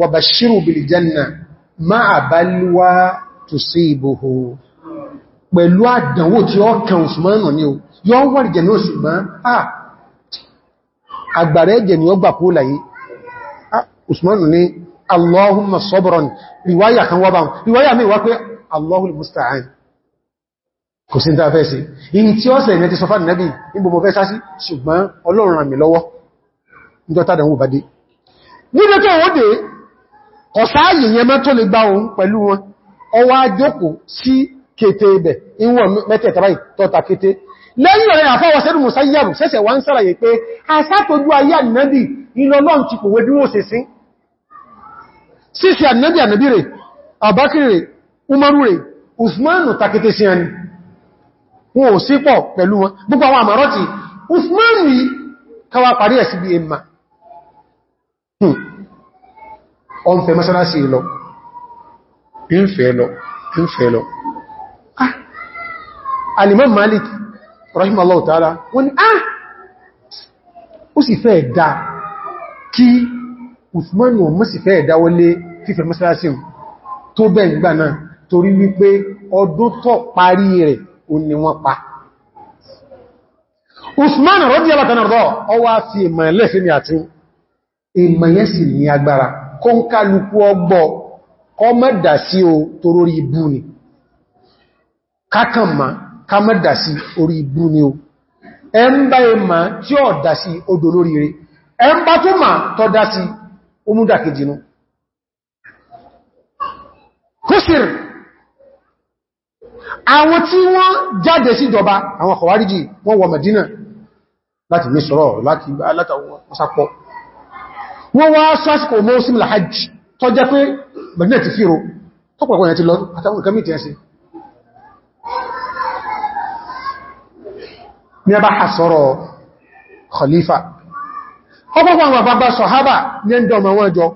wa bashiru bil janna máa bá lúwàá tusibuhu pẹ̀lú àdánwò tí ó kàn Usmanu ní o yọ́ wà rí jẹ̀nà ṣùgbọ́n àgbàrá ẹ̀jẹ̀ ni ó gbà kó láyé Usmanu ní Allahumma sabran riwaya kan wá bá riwaya mi wá pé Allahul musta'an kò sí ta fẹ́ sí in tí ó sẹ̀rẹ̀ ti sọfà nẹ́bí níbo mo fẹ́ sásí ṣùgbọ́n Ọlọ́run ràn mí lọ́wọ́ níjọ́ ọwá jókòó sí kété ibẹ̀ ìwọ̀n mẹ́tẹ̀ẹ̀ta báyìí tọ́ta kété lẹ́yìn ọ̀rẹ́ àfáwọ̀sẹ́rù musayyàmù sẹ́sẹ̀ wá ń sàràyè pé asátojú ayé ànìyàndì ìlọ́lọ́n ti kòwé bí wọ́n sẹ́sí sísì ànìyàndì ànìbí rẹ̀ àbákìrì rẹ̀ umaru rẹ̀ usmanu takété sí usmanu yìí káwà parí ẹ̀ sí bí ìfẹ́ lọ ìfẹ́ lọ alimọ́ malik ta'ala wọ́n ni ah ó sì fẹ́ ẹ̀dá kí usmanu mọ́ sì fẹ́ ẹ̀dá wọlé fífẹ́ mọ́sálásí tó bẹ̀ ìgbà náà torí wípé ọdún tó parí rẹ̀ o ni wọ́n pa usmanu radiyallahu ta'ala ọwá fi kọ mẹ́dà sí o tó rórí ibú ni kákan ma ká mẹ́dà sí orí ibú ni o ẹmbá ẹmà tí ó dà sí odò lórí rẹ̀ ẹmbá tó ma tọ́ dá sí omúdàkejìnú kúsìr àwọn tí wọ́n jáde sí ìjọba àwọn kọ̀wáríjì wọ́n wọ Mẹ̀dínà láti ní sọ́rọ̀ láti látàwọn sápọ̀ wọ́n wá sásìkò mọ́ símìlà hajji tó jẹ́ pé bẹ̀rẹ̀ ti fíro tó pọ̀pọ̀ ẹ̀ ti lọ àtàwọn ìkẹ́mì ti ẹ̀sìn ní ẹbá àsọ́rọ̀ khalifa ọpọ̀pọ̀ àwọn bàbá sọ̀hábà ní ẹjọ́ ọmọ wọn jọ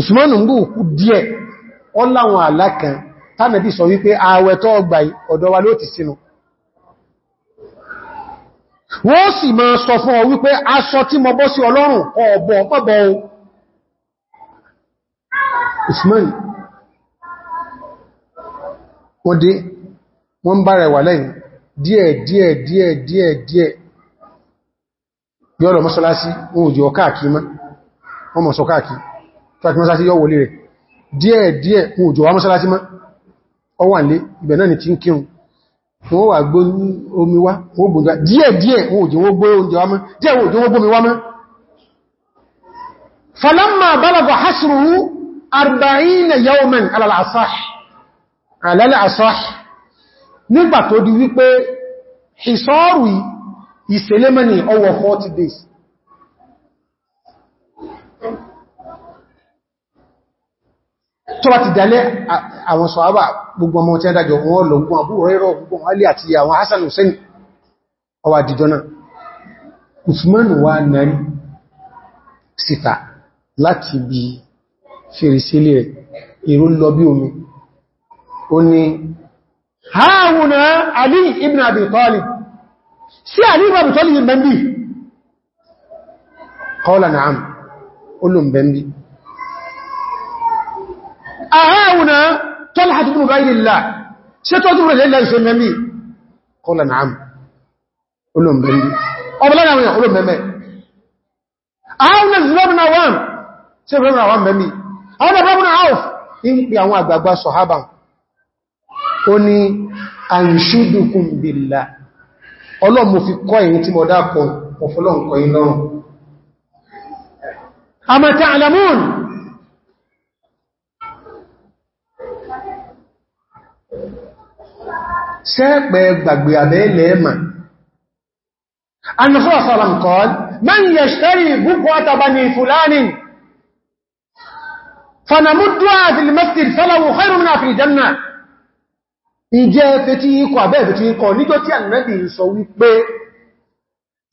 Usmanu ń gùn kú díẹ̀ ọ láwọn alákan tánàbí sọ wípé ààwẹ̀ tó gbà ọ̀dọ̀ wa ló ti sínú wọ́n sì máa sọ fún ọ wípé aṣọ tí mo bọ́ sí ọlọ́run ọ̀bọ̀ pọ̀bọ̀ ohun Usman wọ́n dé wọ́n bára ẹ̀wà lẹ́yìn díẹ̀ díẹ̀ díẹ̀ díẹ̀ díẹ̀ yọ́lọ̀ mọ́sálásí ohun jẹ́ wọ́n yọ́ rẹ̀ díẹ̀ díẹ̀ ohun jọ wá ọ wà lé ibẹ̀ náà ni tí arba'ina yawman alal'asah alal'asah nígbà tó di wípé ìsọ́rù ìsẹ̀lẹ́mẹ́ni ọwọ́ 40 days tó bá ti dalẹ́ àwọn sọ̀hábà gbogbo ọmọ tí a dájọ wọn lọ gbogbo àbúrò rẹ̀ gbogbo alẹ́ àti àwọn Hassan Hussein ọwà dìjọ náà Usman wà náà síta láti bí sírísílì rẹ̀ ìrú lọ bí omi ó ní haahuna Ali ibn Abi Talib sí Ali ibn Abi Talib bẹ̀m̀bí qala na'am olùmbẹ̀m̀bí haahuna Talha ibn Ubaydillah ṣe tó tó rẹ̀ lẹ́lẹ́ ìṣẹ́mẹ̀mí qala na'am olùmbẹ̀m̀bí ọbọ̀lẹ́ ọdọ̀ bọ́bùn Auf in pè àwọn àgbàgbà sọ̀hábà ó ní àìṣúdùkùn bìlà ọlọ́mù fi kọ́ èyí tí mọ̀ dápọ̀ ọ̀fọ́lọ́nkọ̀ inọ́rùn àmà ta'lamun sẹ́ẹ̀pẹ̀ gbàgbé àbẹ́ẹ̀lẹ̀ ẹ̀mà anìfọ́ sọ́lọ̀mkọ́ فنمدها في المسجد فله خير منها في الجنة ìjẹ́ fetí ikọ̀ àbẹ́ ìfetí ikọ̀ níjọ́ tí ànìyàn ń sọ wípé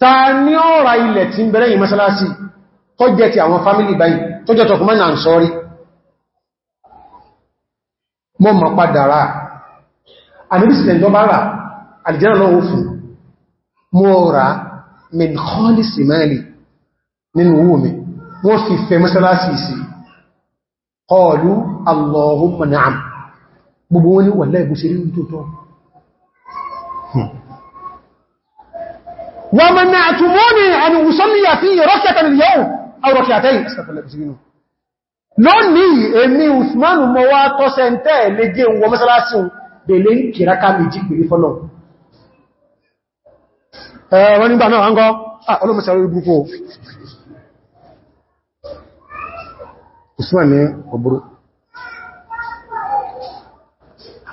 ta ní ọ̀rà ilẹ̀ tí ń bẹ̀rẹ̀ yìí mọ́sálásí tó jẹ́ ti àwọn fámílì báyìí tó jẹ́ tọkùnmọ́ kọlu allahumma na'am gbogbo wọn ni wà láìbù sí rí tó tọ́ wọ́n mọ̀ náà tó mọ́ ní àni wùsọ́lìyà fi rọ́kẹta ni yau aurọ̀kẹta yìí lónìí èmi usmanu mọ́ wá tọ́ sẹ́ntẹ́ léje wọ mọ́sálásí belé ń kìrá ká méjì pèrè fọ́lọ̀ wọ́n nígbà náà usman ní ọ̀bùrú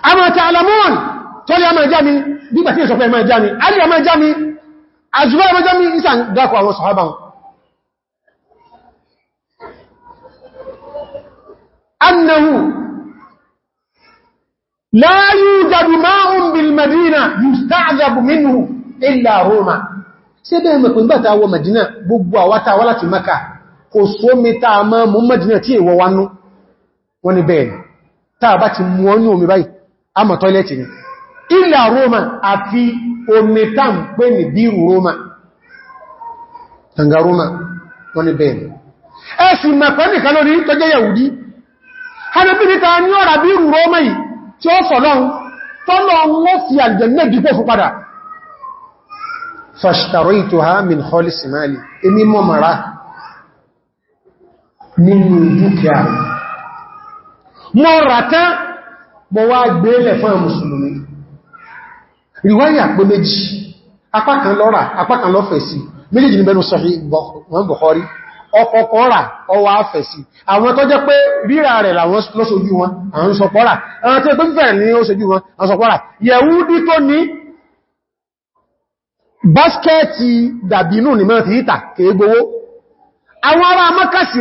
amọ̀ta alamọ́n tó lè amọ̀ ìjá mi nígbà tí ìsọ̀fẹ́ ẹmọ̀ ìjá mi alì amọ̀ ìjá mi àjúwá ẹmọ̀ ìjá mi ìsà ń dákọ̀ àwọn sọ̀hábà annahu la yujadu ma'un bil madina madina kò sómi taa mọ́ mú tí èwọ wánú wọ́n ni bẹ́ẹ̀ bá ti mú omi báyìí a mọ̀ tọ́ilẹ̀tì ni ilẹ̀ Roma àfi omi táa ń pè ní bíru Roma tànga Roma wọ́n ni bẹ́ẹ̀ ẹ̀sùn mẹ́pẹ́ lórí tó jẹ́ Yahudi hanabinita ní taa Roma padà mara nínú dúkìá rẹ̀. Mọ́ ràtá mọ́ wá gbélẹ̀ fún àwọn Mùsùlùmí. Ríwáyà pé méjì, apákan lọ́rà, apákan lọ́fẹ̀ẹ́sì, méjèèjì ní bẹnu sọ̀rí Bukhari, ọkọ̀kọ́ rà ọwọ́ afẹ̀sì. Àwọn tó jẹ́ pé ríra rẹ̀ làwọn lọ́sojú wọn, àwọn sọpọ́rà, àwọn tó fẹ́ ní oṣojú ará mọ́kàsì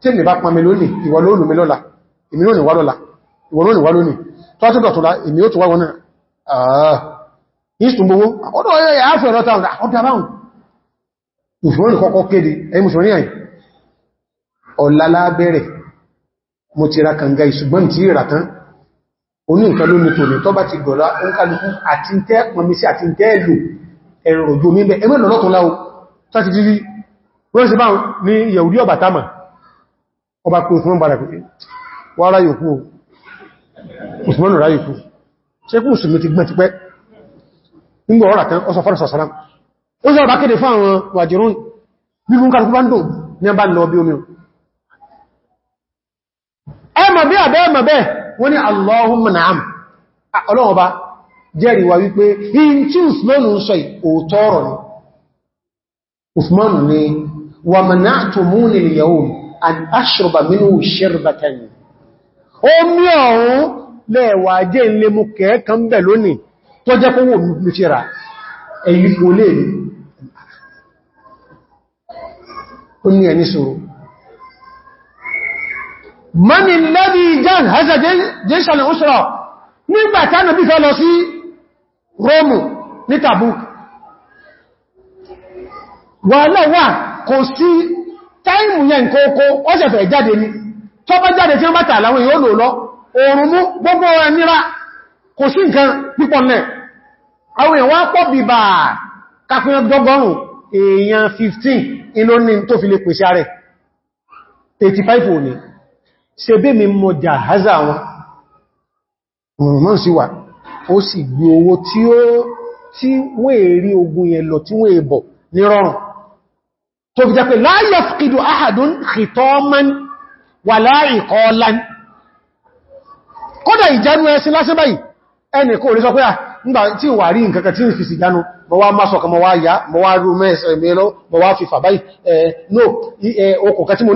tí èmì bá pàmì lónìí ìwọ lónìí mi lọ́la èmì lónìí wá lọ́la ìwọ lónìí wá lónìí tó á tó dọ̀tọ̀lá èmì ó tó wá wọn náà àà ah. ìsùn gbogbo ọdọ̀ ọ̀yẹ́ àáfẹ́ ọ̀rọ̀ táwọn ọdábáhùn mùsùlùmí kọ́kọ́ kéde ẹ̀yìn mùsùlùmí àyìn ọ̀la lábẹ́rẹ̀ mo ti ra kànga ìṣùgbọ́n tí ìrà tán oní nǹkan ló ní tòní tọ́ bá ti gọ̀lá oúnkàlùkù àti tẹ́ pọnmi sí àti tẹ́ lò ẹ̀rọ̀ òjò mímẹ́ ẹmẹ́ lọ́lọ́tún láwọ́ tó ti wọ́n sì bá ní yẹ̀wùdí ọ̀bàtàmà ọba pé Usman padà pé wà ya o Usman ráyòkú ṣe kú Usman ti gbọ́n ti pẹ́ nígbà kan ọsọ fọ́rọ̀ sọ̀sọ̀rá ó sọ ọba kéde fún àwọn wàjírún bíbú kàrùkú bá ń dùn ní a lọ bí omi wọ́n ni Usman ni an ashruba minhu shirbatan omi ọ̀run lẹ́wà jẹ́ ilé mú kẹ́ẹ̀kan bẹ̀ lónìí tó jẹ́ kó wò mú ti ra ẹ̀yí fòlé ní ó ní ẹni sọ̀rọ̀ wà náà wà kò sí táìmù yẹn nǹkan oko ó ṣẹ̀fẹ̀ jáde ní tó bá jáde tí wọ́n bá tààlà àwọn èèyàn lò lọ oòrùn mú gbogbo ẹ̀ níra kò sí nǹkan pípọ̀ nẹ̀ àwọn èèyàn wá pọ̀ bíbà kàfihàn dọ́gọ́rùn èèyàn 15 inú ní tó fi lè pèsè rẹ̀ 85 tó fi jẹ́ pé la yafqidu ahadun khitaman wala iqalan kódà ìjánu ẹsìn lásẹ́ báyìí ẹni kò rí sọ pé à ah, nígbà tí wà rí nǹkankan tí ń fi sìjánu mọ̀ wá máa sọ̀kọ̀ mọ̀ wá yá mọ̀ wá rú mẹ́ẹ̀sẹ̀mẹ́lọ́ mọ̀ wá fi fàbáyì no okùnkan tí mo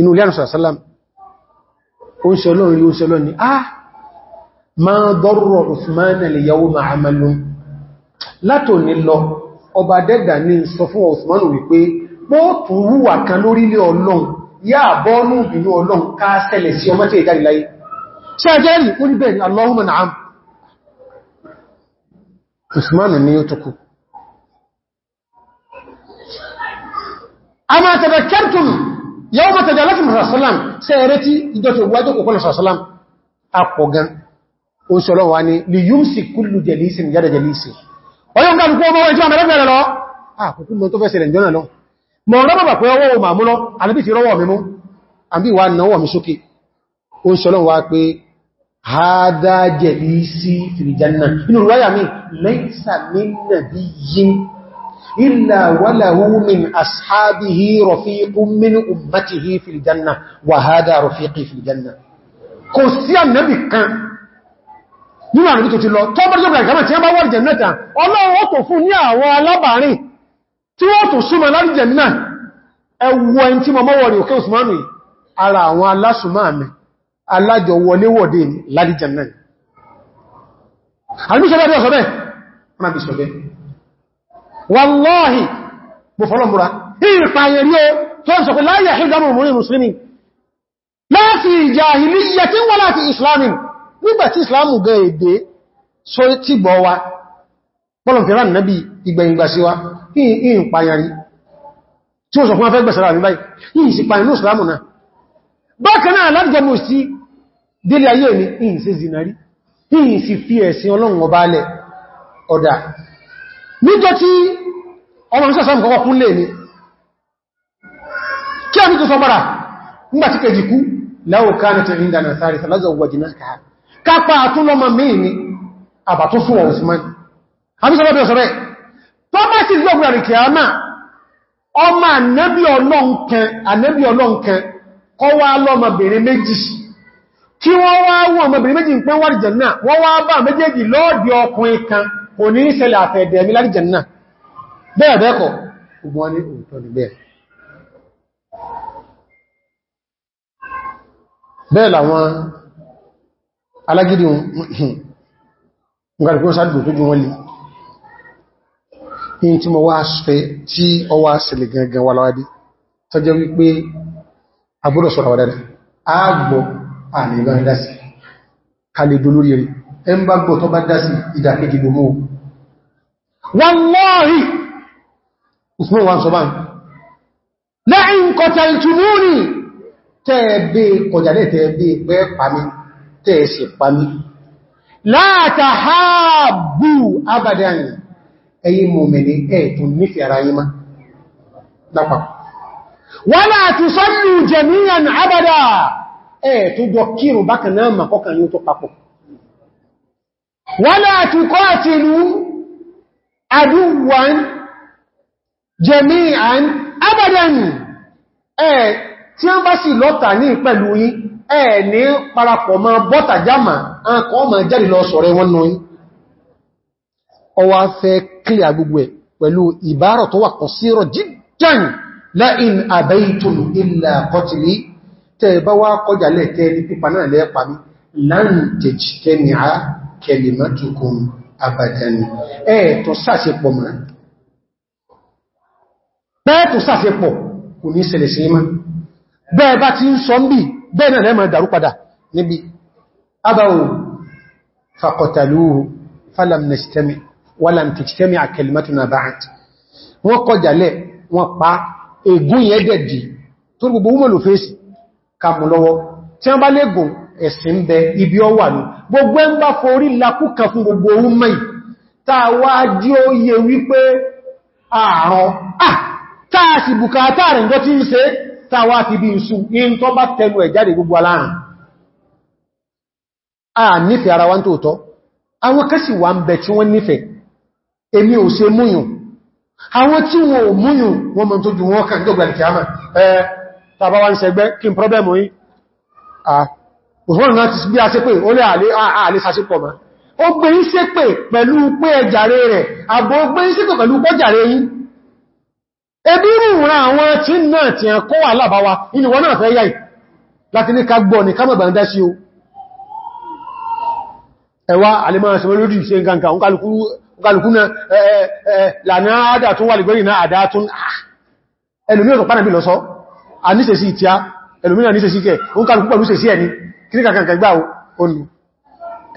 inú ilé ànùsọ̀ àsálàmù ó ń ṣe ọlọ́run ah ma dọ́rọ̀ Uthman al-yawma amalun látò ọba dẹ́gbà ní sọ fún Uthman wípé pọ́ọ̀pù wúwà kan lórílẹ̀ ọlọ́run ya bọ́ọ̀nù ìbínú ọlọ́run ká ṣẹlẹ̀ sí ọmọ tí ìdárí láyé ṣáàjẹ́rì onye ní bẹ̀rẹ̀ a yau mata da latin rasalam sai reti idoto wajo kokon rasalam apogan o so lon wa ni li yumsi kullu jalisin yada jalisi o yo ngan ko bo wa ti amara bere lo ah ko tun mo to fese renjona lo mo ro baba pe owo ma mu lo ànábì ti rowo mi mu ànábì wa na owo mi sókè o so wa pe hada jalisi fil janna inú riwaya mi laysa min nabiyyin إلا وله من أصحابه رفيق من أمته في الجنة وهذا رفيقي في الجنة kò sí ànábì kan nínú ànábì tó ti lọ tó bọ́rọ̀ jọ́gbà ìgbàmà tí a bá wà jẹ̀ mẹ́ta ọlọ́run ó tó fún ní àwọn alábàárín tí ó tó súnmọ̀ láti jẹ̀ náà ẹwọ ẹni tí mọ́mọ́ wọ̀rẹ̀ òkè òsùmánù ara àwọn alásùmáàmì alájọ wọléwọ̀dé láti jẹ̀ náà wàláhì bùfọ́lọ́mùra ìrìpààyè rí o tó ń sọ pé láyé àṣígbàmù múrí musulmi láti ìjàhìlíyà tí wọ́n láti islamin nígbàtí islamu gẹ èdè só tí gbọ́ wa pọ́lọ̀mfẹ́ràn nábi ìgbẹ̀yìngbàsíwá ìrìpààyàrí tí ó sọ fún afẹ́ gbẹ̀sára àmì báyìí yìí sí pàyẹ̀ ní ìsìlámù náà bákan náà alájẹmù sí délé ayé mi ìyìn níjọ tí ọmọ ìṣẹ́sàn kọ́kọ́ kún lè ní kí a ní tó sọ bára nígbàtí kejì kú láwọ̀ká ní tẹ̀rin ìdànà sáàrì sàlázọ̀wọ̀jì náà káà kápa àtúnlọ́mọ mìí ní àbàtún fún ọ̀rọ̀ kí wọ́n wá wọ́n ọmọbìnrin méjì ń pẹ́ náà wọ́n wá bá méjèèjì lọ́ọ̀dì ọkùnrin kan kò ní ìṣẹ̀lẹ̀ àfẹ́ẹ̀dẹ̀ mi láti jẹ̀nà bẹ́ẹ̀ bẹ́ẹ̀ kọ́ ogun wọn ní òótọ́ ni bẹ́ẹ̀ bẹ́ẹ̀ làwọn alágídí nǹkan sáàdùn tó jú wọn lè ní tí ọwá ṣẹlẹ̀ gangan wà láwádé tó jẹ́ wípé agbọ́dọ̀ sọ̀rọ̀ ẹn bá gbọ́ tó bá dá sí ìdàkejì ló mú wallahi usman wọn sọ bán la'in qataltumuni tẹ́ẹ̀bẹ́ kọjàlẹ̀ tẹ́ẹ̀bẹ́ pẹ́ pàmí tẹ́ẹ̀sì pàmí la tahabbu abadan ẹ̀yí mọ̀mẹ̀ni ẹ̀ẹ̀tún nífẹ̀ ara yí má lápapọ̀ wala tusallu jami'an abada ẹ̀ẹ̀tún jọ kírùn ولا تقاتلوا عدوا جميعا أبدا ẹ tí wọ́n bá sì lọ́ta ní pẹ̀lú yín ẹ ní parapọ̀ ma bọ́ta jáma ọkọ̀ ma jáde lọ sọ̀rọ̀ wọn náà yín ọwá fẹ́ kílẹ̀ agbogbo ẹ̀ pẹ̀lú ìbárọ̀ tó wà kọ̀ sírọ̀ jíjàn láìn kẹlìmọ́tùkùn àbàdàn ẹ̀ẹ̀tọ́ sàṣepọ̀ mọ́ bẹ́ẹ̀tọ́ sàṣepọ̀ kò ní ṣẹlẹ̀ sí mọ́ bẹ́ẹ̀ bá ti ń sọ mbí bẹ́ẹ̀ náà mọ́ dàrú padà níbi abáwò fàkọtàlúhù falam nastami walam tajtami kalimatuna ba'd wọ́n kọjálẹ̀ wọ́n pa ègún yẹn dẹ̀dì tó gbogbo wúmọ̀ ẹ̀sìn bẹ ibi ọ wà ní gbogbo ẹ ń bá forí lakúkà fún gbogbo ohun mẹ́ì tàà wá jí ó yẹ wípé ààrùn ah tàà sì bùkátà rẹ̀ ń gọ́ tí ń ṣe tàà wá fi bí ìṣù in tó bá tẹnu ẹ̀ jáde gbogbo aláàrùn a nífẹ̀ẹ́ ara wa ń tóòtọ́ àwọn kẹsì wà ń bẹ tí wọ́n nífẹ̀ẹ́ tàbá wá ń ṣẹgbẹ́ kí n problem yìí Usman náà ti bí a ṣe pé ó lè àlè sàṣípọ̀ ma ó gbé yí ṣe pé pẹ̀lú pé ẹjàre rẹ̀ àbò gbé yí ṣe pé pẹ̀lú pẹ́jàre yí ẹbí rúra àwọn tí náà ti ẹ̀kọ́ wà lábáwá inú wọn náà fẹ́ yáì láti ní ká gbọ́ ní ká mọ̀gbà ń dá sí o ẹwà àlèmọ́ ẹlòmíràn ní ṣe sí kí kàkàkà gbà olù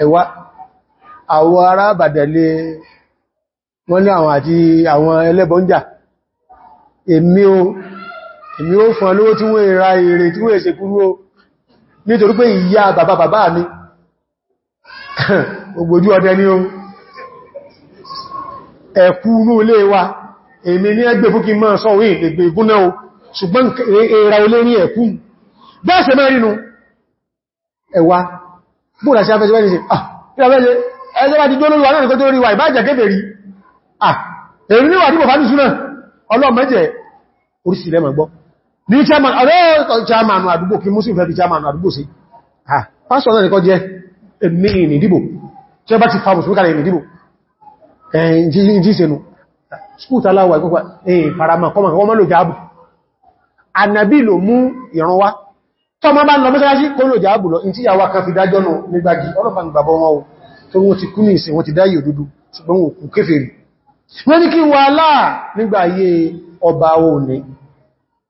ẹ̀wà àwọn ará bàdẹ̀lẹ̀ wọ́n ní àwọn àti àwọn ẹlẹ́bọ̀njà èmi o èmi ó fún olówó tí wọ́n ra èrè tí wọ́n èsè kúrú o nítorí pé ìyá bàbá bàbá mi ògbójú ọdẹ ni o ẹ̀kú inú ilé wa èmi ní ẹgbẹ́ fún kí máa sọ orí ìgbẹ̀gbẹ̀ ìgúnná o ṣùgbọ́n èrà olé ní ẹ̀kú bẹ́ẹ̀ ẹwà bóòlà sí afẹ́sẹ̀ mẹ́rin sí ẹ̀ẹ́sẹ́bà ti jónú wà náà nìkan tó rí wà ìbájẹ̀ kéfèrí èrí níwà tí bọ̀fà ní súnà ọlọ́mẹ́jẹ̀ orísìílẹ̀ mọ̀ gbọ́ ní chairman ọ̀rẹ́ chairman àdúgbò kí muslim fẹ́ fi chairman àdúgbò sí pásọ̀ náà nìkan jẹ́ èmi ìdìbò tí ó bá ti fa mùsùlùmí kalẹ̀ ìdìbò jíṣẹ́nu skúù tàláwà ìkọ́kọ́ tó ma bá ń lọ mọ́sánásí kó ló jà ábùlọ in tí yàwó kan fi dájọ́ nù nígbàgí ọlọ́pàá ní bàbá wọn o tó wọ́n ti kú ní ìsìn wọ́n ti dáyé òdúdú ṣùgbọ́n òkú kéfèrè wọ́n ní kí wà láà nígbà ayé ọba òní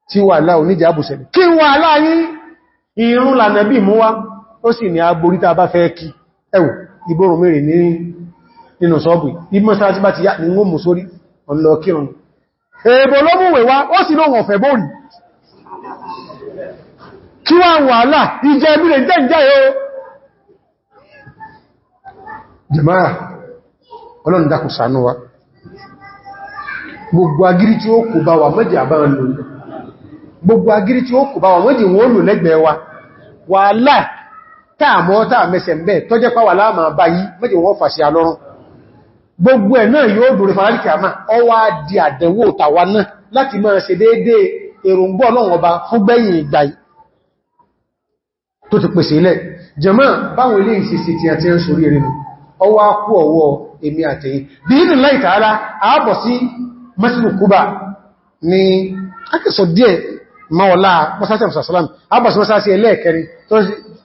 tí wà láà oníjà ábùsẹ̀lẹ̀ kí wà láà yín ìrún lànà bí mú wá ó sì ní aborí tá bá fẹ́ kí ẹwù ìbòrùn mẹ́rin ní nínú sọ́ọ̀bù bí mọ́sánásí bá ti yá ní wọ́n mú sórí ọ̀fẹ́ bóòrì kí wà ń wàhálà ìjẹ ìbílẹ̀ jẹ́ ìjẹ́ yóò jẹmáà ọlọ́run dákùn wa gbogbo agiri tí ó kò bá wa mọ́jì àbáwọn lò gbogbo agiri tí ó kò bá wa mọ́jì wọ́n lò lẹ́gbẹ̀ẹ́ wa wàhálà táàmọ́ táà mẹ́sẹ̀ mẹ́ tọ́jẹ́ èròǹgbọ́ tó ti pèsè ilẹ̀ jẹmọ́ báwọn ilé ìsìsì tí a ti ń sorí rẹ̀ ọwá kú ọwọ́ èmi àtẹ̀yìn bí i nílá ìtààrà àábọ̀ sí mẹ́sìlù kúbà ni akẹ́sọ̀ díẹ̀ maọ́lá mọ́sásí àmsàsàlám àábọ̀ sí mọ́sásí ẹlẹ́ẹ̀kẹrin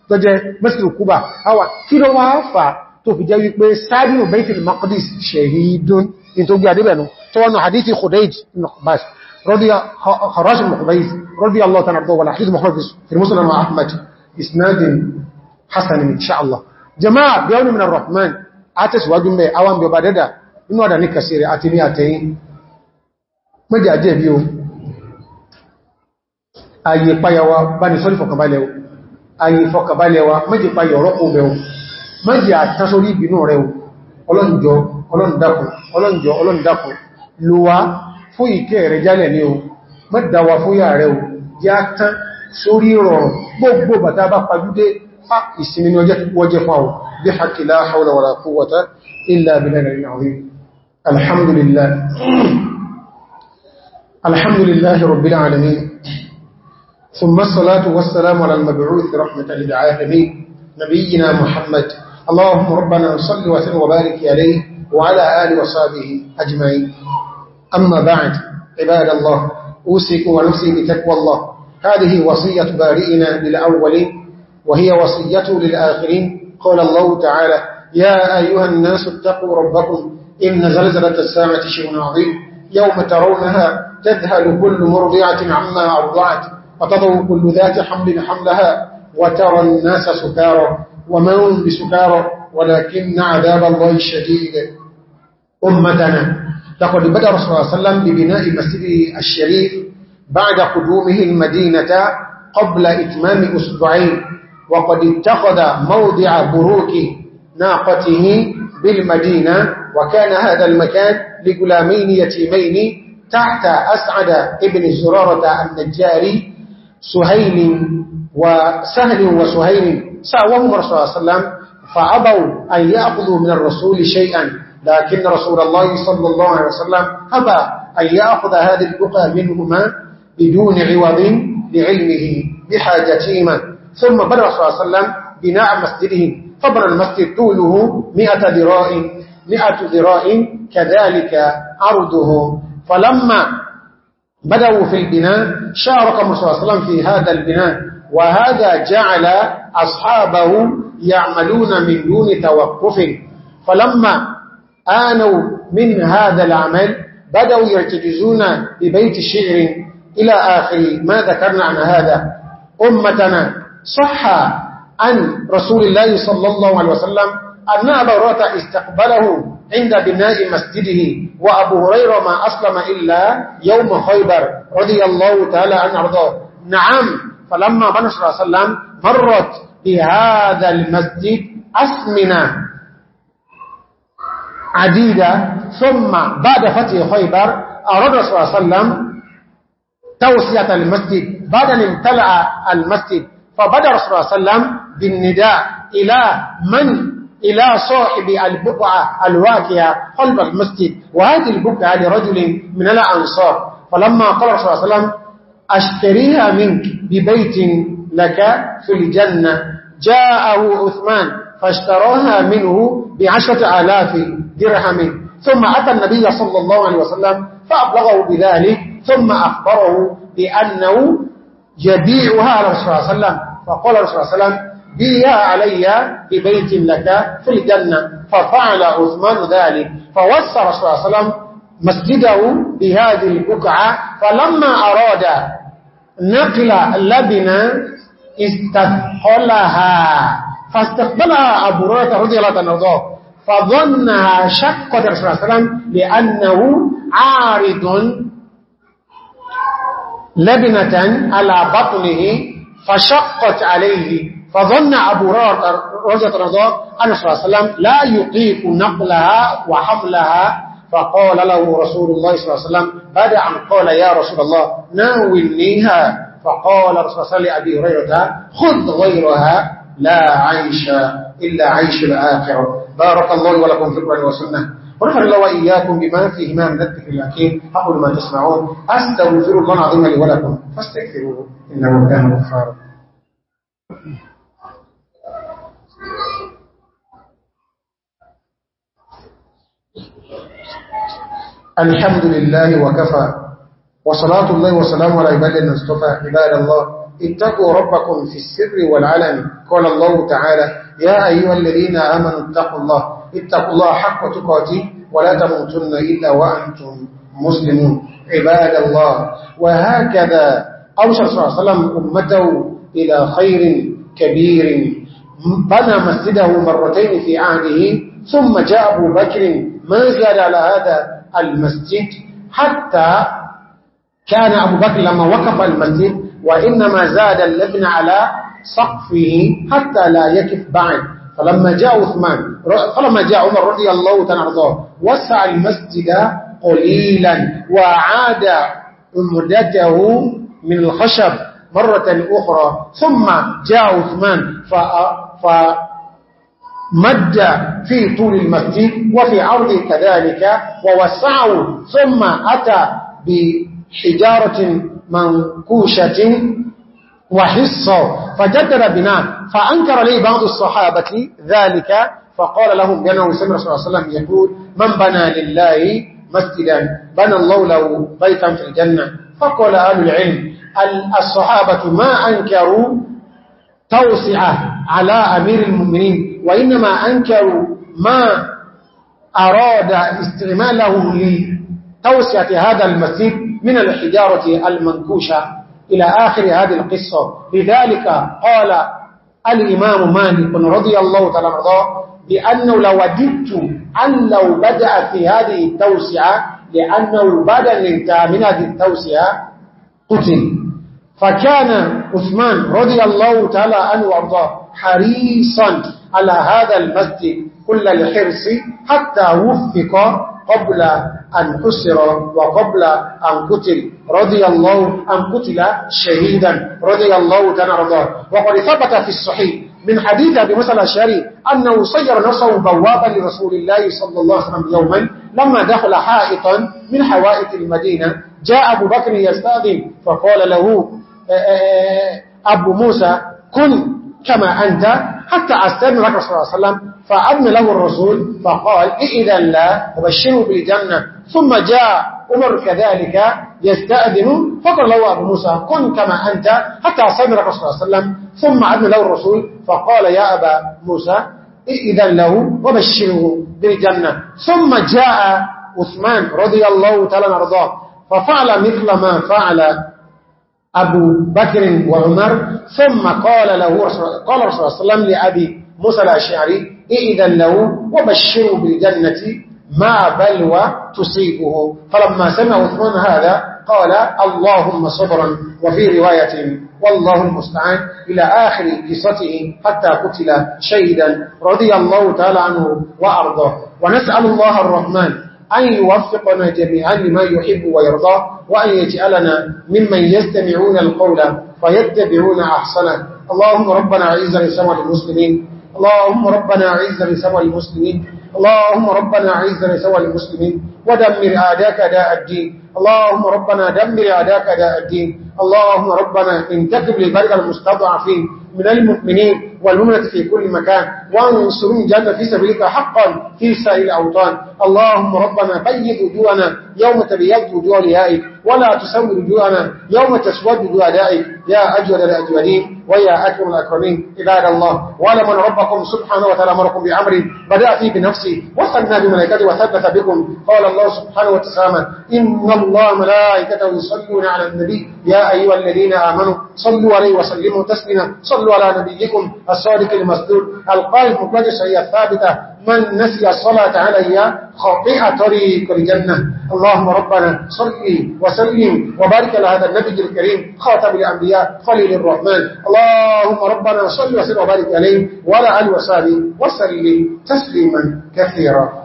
tó jẹ mẹ́sìlù kúbà àwà kí ló wá fà tó fi jẹ́ wípé sáàdínù baitul maqdis shahidun in tó gbé adébẹ̀nu tó isnadin hasanin insha Allah jama'a biyawni min ar-rahman ati siwaju nbe àwọn bi obadeda inú oda ni kasire àti ni ateyin meje aje bi o aye payawa bani sori fọkàn balẹ̀ o aye fọkàn balẹ̀ wa meje payo roko be o meje atan sori ìbínú rẹ̀ o olonjo olon dákun olonjo olon dákun luwa fún ìkẹ́ rẹ̀ jálẹ̀ ni o madawa fún ya rẹ̀ o ya tan sórí rọrùn gbogbo bàtà bá pàdúdé a ìsinmi ni wọ́jẹ́ fáwọn bí hakila haula wala quwwata illa billahi al أما بعد عباد الله أوسك ونفسي بتقوى الله هذه وصية بارئنا للأولين وهي وصيته للآخرين قال الله تعالى يا أيها الناس اتقوا ربكم إن زلزلة الساعة شيء عظيم يوم ترونها تذهل كل مرضعة عما أرضعت وتضع كل ذات حمل حملها وترى الناس سكارى وما هم بسكارى ولكن عذاب الله الشديد أمتنا لقد بدأ رسول الله صلى الله عليه وسلم ببناء مسجده الشريف بعد قدومه المدينة قبل إتمام أسبوعين وقد اتخذ موضع بروك ناقته بالمدينة وكان هذا المكان لغلامين يتيمين تحت أسعد ابن زرارة النجاري سهيل وسهل وسهيل سأوهم رسول الله صلى الله عليه وسلم فعبوا أن يأخذوا من الرسول شيئا لكن رسول الله صلى الله عليه وسلم أبى أن يأخذ هذه البقى منهما بدون عوض لعلمه بحاجتهما ثم بنى صلى الله عليه وسلم بناء مسجده فبنى المسجد طوله مئة ذراء مئة ذراء كذلك عرضه فلما بدأوا في البناء شارك صلى الله عليه وسلم في هذا البناء وهذا جعل أصحابه يعملون من دون توقف فلما آنوا من هذا العمل بدأوا يرتجزون ببيت شعر إلى آخر ما ذكرنا عن هذا أمتنا صح عن رسول الله صلى الله عليه وسلم أن أبا هريرة استقبله عند بناء مسجده وأبو هريرة ما أسلم إلا يوم خيبر رضي الله تعالى عن أرضه نعم فلما بنى صلى الله عليه وسلم مرت بهذا المسجد أسمنا عديدة ثم بعد فتح خيبر أراد صلى الله عليه وسلم توسية المسجد بعد أن امتلأ المسجد فبدأ رسول الله صلى الله عليه وسلم بالنداء إلى من إلى صاحب البقعة الواكية قلب المسجد وهذه البقعة لرجل من الأنصار فلما قال رسول الله صلى الله عليه وسلم أشتريها منك ببيت لك في الجنة جاءه عثمان فاشتراها منه بعشرة آلاف درهم ثم أتى النبي صلى الله عليه وسلم فأبلغه بذلك ثم أخبره بأنه يبيعها على رسول الله صلى الله عليه وسلم فقال رسول الله صلى الله عليه وسلم بيها علي ببيت لك في الجنة ففعل عثمان ذلك فوسى رسول الله صلى الله عليه وسلم مسجده بهذه البقعة فلما أراد نقل اللبنة استثقلها فاستقبلها أبو ريرة رضي الله عنه فظنها شقة رسول الله صلى الله عليه وسلم لأنه عارض لبنة على بطنه فشقت عليه فظن أبو رجة رضا أن صلى الله عليه وسلم لا يطيق نقلها وحملها فقال له رسول الله صلى الله عليه وسلم بعد أن قال يا رسول الله ناولنيها فقال رسول الله لأبي هريرة خذ غيرها لا عيش إلا عيش الآخر بارك الله ولكم في القرآن والسنة ونحن الله وإياكم بما فيهما من الذكر الحكيم أقول ما تسمعون أستغفر الله العظيم لي ولكم فاستغفروا إنه كان غفارا الحمد لله وكفى وصلاة الله وسلامه على عباد المصطفى عباد الله اتقوا ربكم في السر والعلن قال الله تعالى يا أيها الذين آمنوا اتقوا الله اتقوا الله حق تقاته ولا تموتن إلا وأنتم مسلمون عباد الله وهكذا أوشر صلى الله عليه وسلم أمته إلى خير كبير بنى مسجده مرتين في عهده ثم جاء أبو بكر ما زال على هذا المسجد حتى كان أبو بكر لما وقف المسجد وإنما زاد اللبن على سقفه حتى لا يكف بعد فلما جاء عثمان فلما جاء عمر رضي الله تعالى عنه وسع المسجد قليلا وعاد عمدته من الخشب مرة أخرى ثم جاء عثمان فمد في طول المسجد وفي عرضه كذلك ووسعه ثم أتى بحجارة منكوشة وحصة فجدد بناء فأنكر لي بعض الصحابة ذلك فقال لهم لأنه سمع صلى الله عليه وسلم يقول من بنى لله مسجدا بنى الله له بيتا في الجنة فقال أهل العلم الصحابة ما أنكروا توسعة على أمير المؤمنين وإنما أنكروا ما أراد استعماله لتوسعة هذا المسجد من الحجارة المنكوشة إلى آخر هذه القصة لذلك قال الإمام مالك رضي الله تعالى بأنه بأنه وجدت أن لو بدأ في هذه التوسعة لأنه بدأ من هذه التوسعة قتل فكان عثمان رضي الله تعالى عنه وارضاه حريصا على هذا المسجد كل الحرص حتى وفق قبل أن أسر وقبل أن قتل رضي الله أن قتل شهيدا رضي الله تنرضاه وقد ثبت في الصحيح من حديث أبي موسى الأشعري أنه صير نفسه بوابا لرسول الله صلى الله عليه وسلم يوما لما دخل حائطا من حوائط المدينة جاء أبو بكر يستاذن فقال له آه، آه، آه، أبو موسى كن كما أنت حتى أستاذن رسول الله صلى الله عليه وسلم فأذن له الرسول فقال إذا لا أبشره بالجنة ثم جاء عمر كذلك يستأذن فقال له أبو موسى كن كما أنت حتى صبر الرسول صلى الله عليه وسلم ثم عدل له الرسول فقال يا أبا موسى إذا له وبشره بالجنة ثم جاء عثمان رضي الله تعالى نرضاه ففعل مثل ما فعل أبو بكر وعمر ثم قال له قال رسول الله صلى الله عليه وسلم لأبي موسى الأشعري إذا له وبشره بالجنة ما بلوى تصيبه فلما سمعوا عثمان هذا قال اللهم صبرا وفي رواية والله المستعان إلى آخر قصته حتى قتل شيدا رضي الله تعالى عنه وأرضاه ونسأل الله الرحمن أن يوفقنا جميعا لما يحب ويرضى وأن يجعلنا ممن يستمعون القول فيتبعون أحسنه اللهم ربنا عز لسوى المسلمين اللهم ربنا عز لسوى المسلمين اللهم ربنا عز لسوى المسلمين ودمر آداك داء الدين اللهم ربنا دمر آداك داء الدين اللهم ربنا انتكب لبرق المستضعفين من المؤمنين والممنة في كل مكان وانصرون جنة في سبيلك حقا في سائل الأوطان اللهم ربنا بيض وجوهنا يوم تبيض وجوه لهائك ولا تسود وجوهنا يوم تسود وجوه دائك يا أجود الأجودين ويا أكرم الأكرمين عباد الله ولمن ربكم سبحانه وتعالى أمركم بعمري بدأ فيه بنفسي وصلنا بملائكته وثبت بكم قال الله سبحانه وتعالى إن الله ملائكته يصلون على النبي يا أيها الذين آمنوا صلوا عليه وسلموا تسليما صلوا على نبيكم الصادق المسدود القلب مقلد الشريعة الثابتة من نسي صلاة علي خطيئة طريق الجنة اللهم ربنا صلي وسلم وبارك لهذا النبي الكريم خاتم الأنبياء خليل الرحمن اللهم ربنا صلي وسلم وبارك عليه ولا آله وصحبه وسلم تسليما كثيرا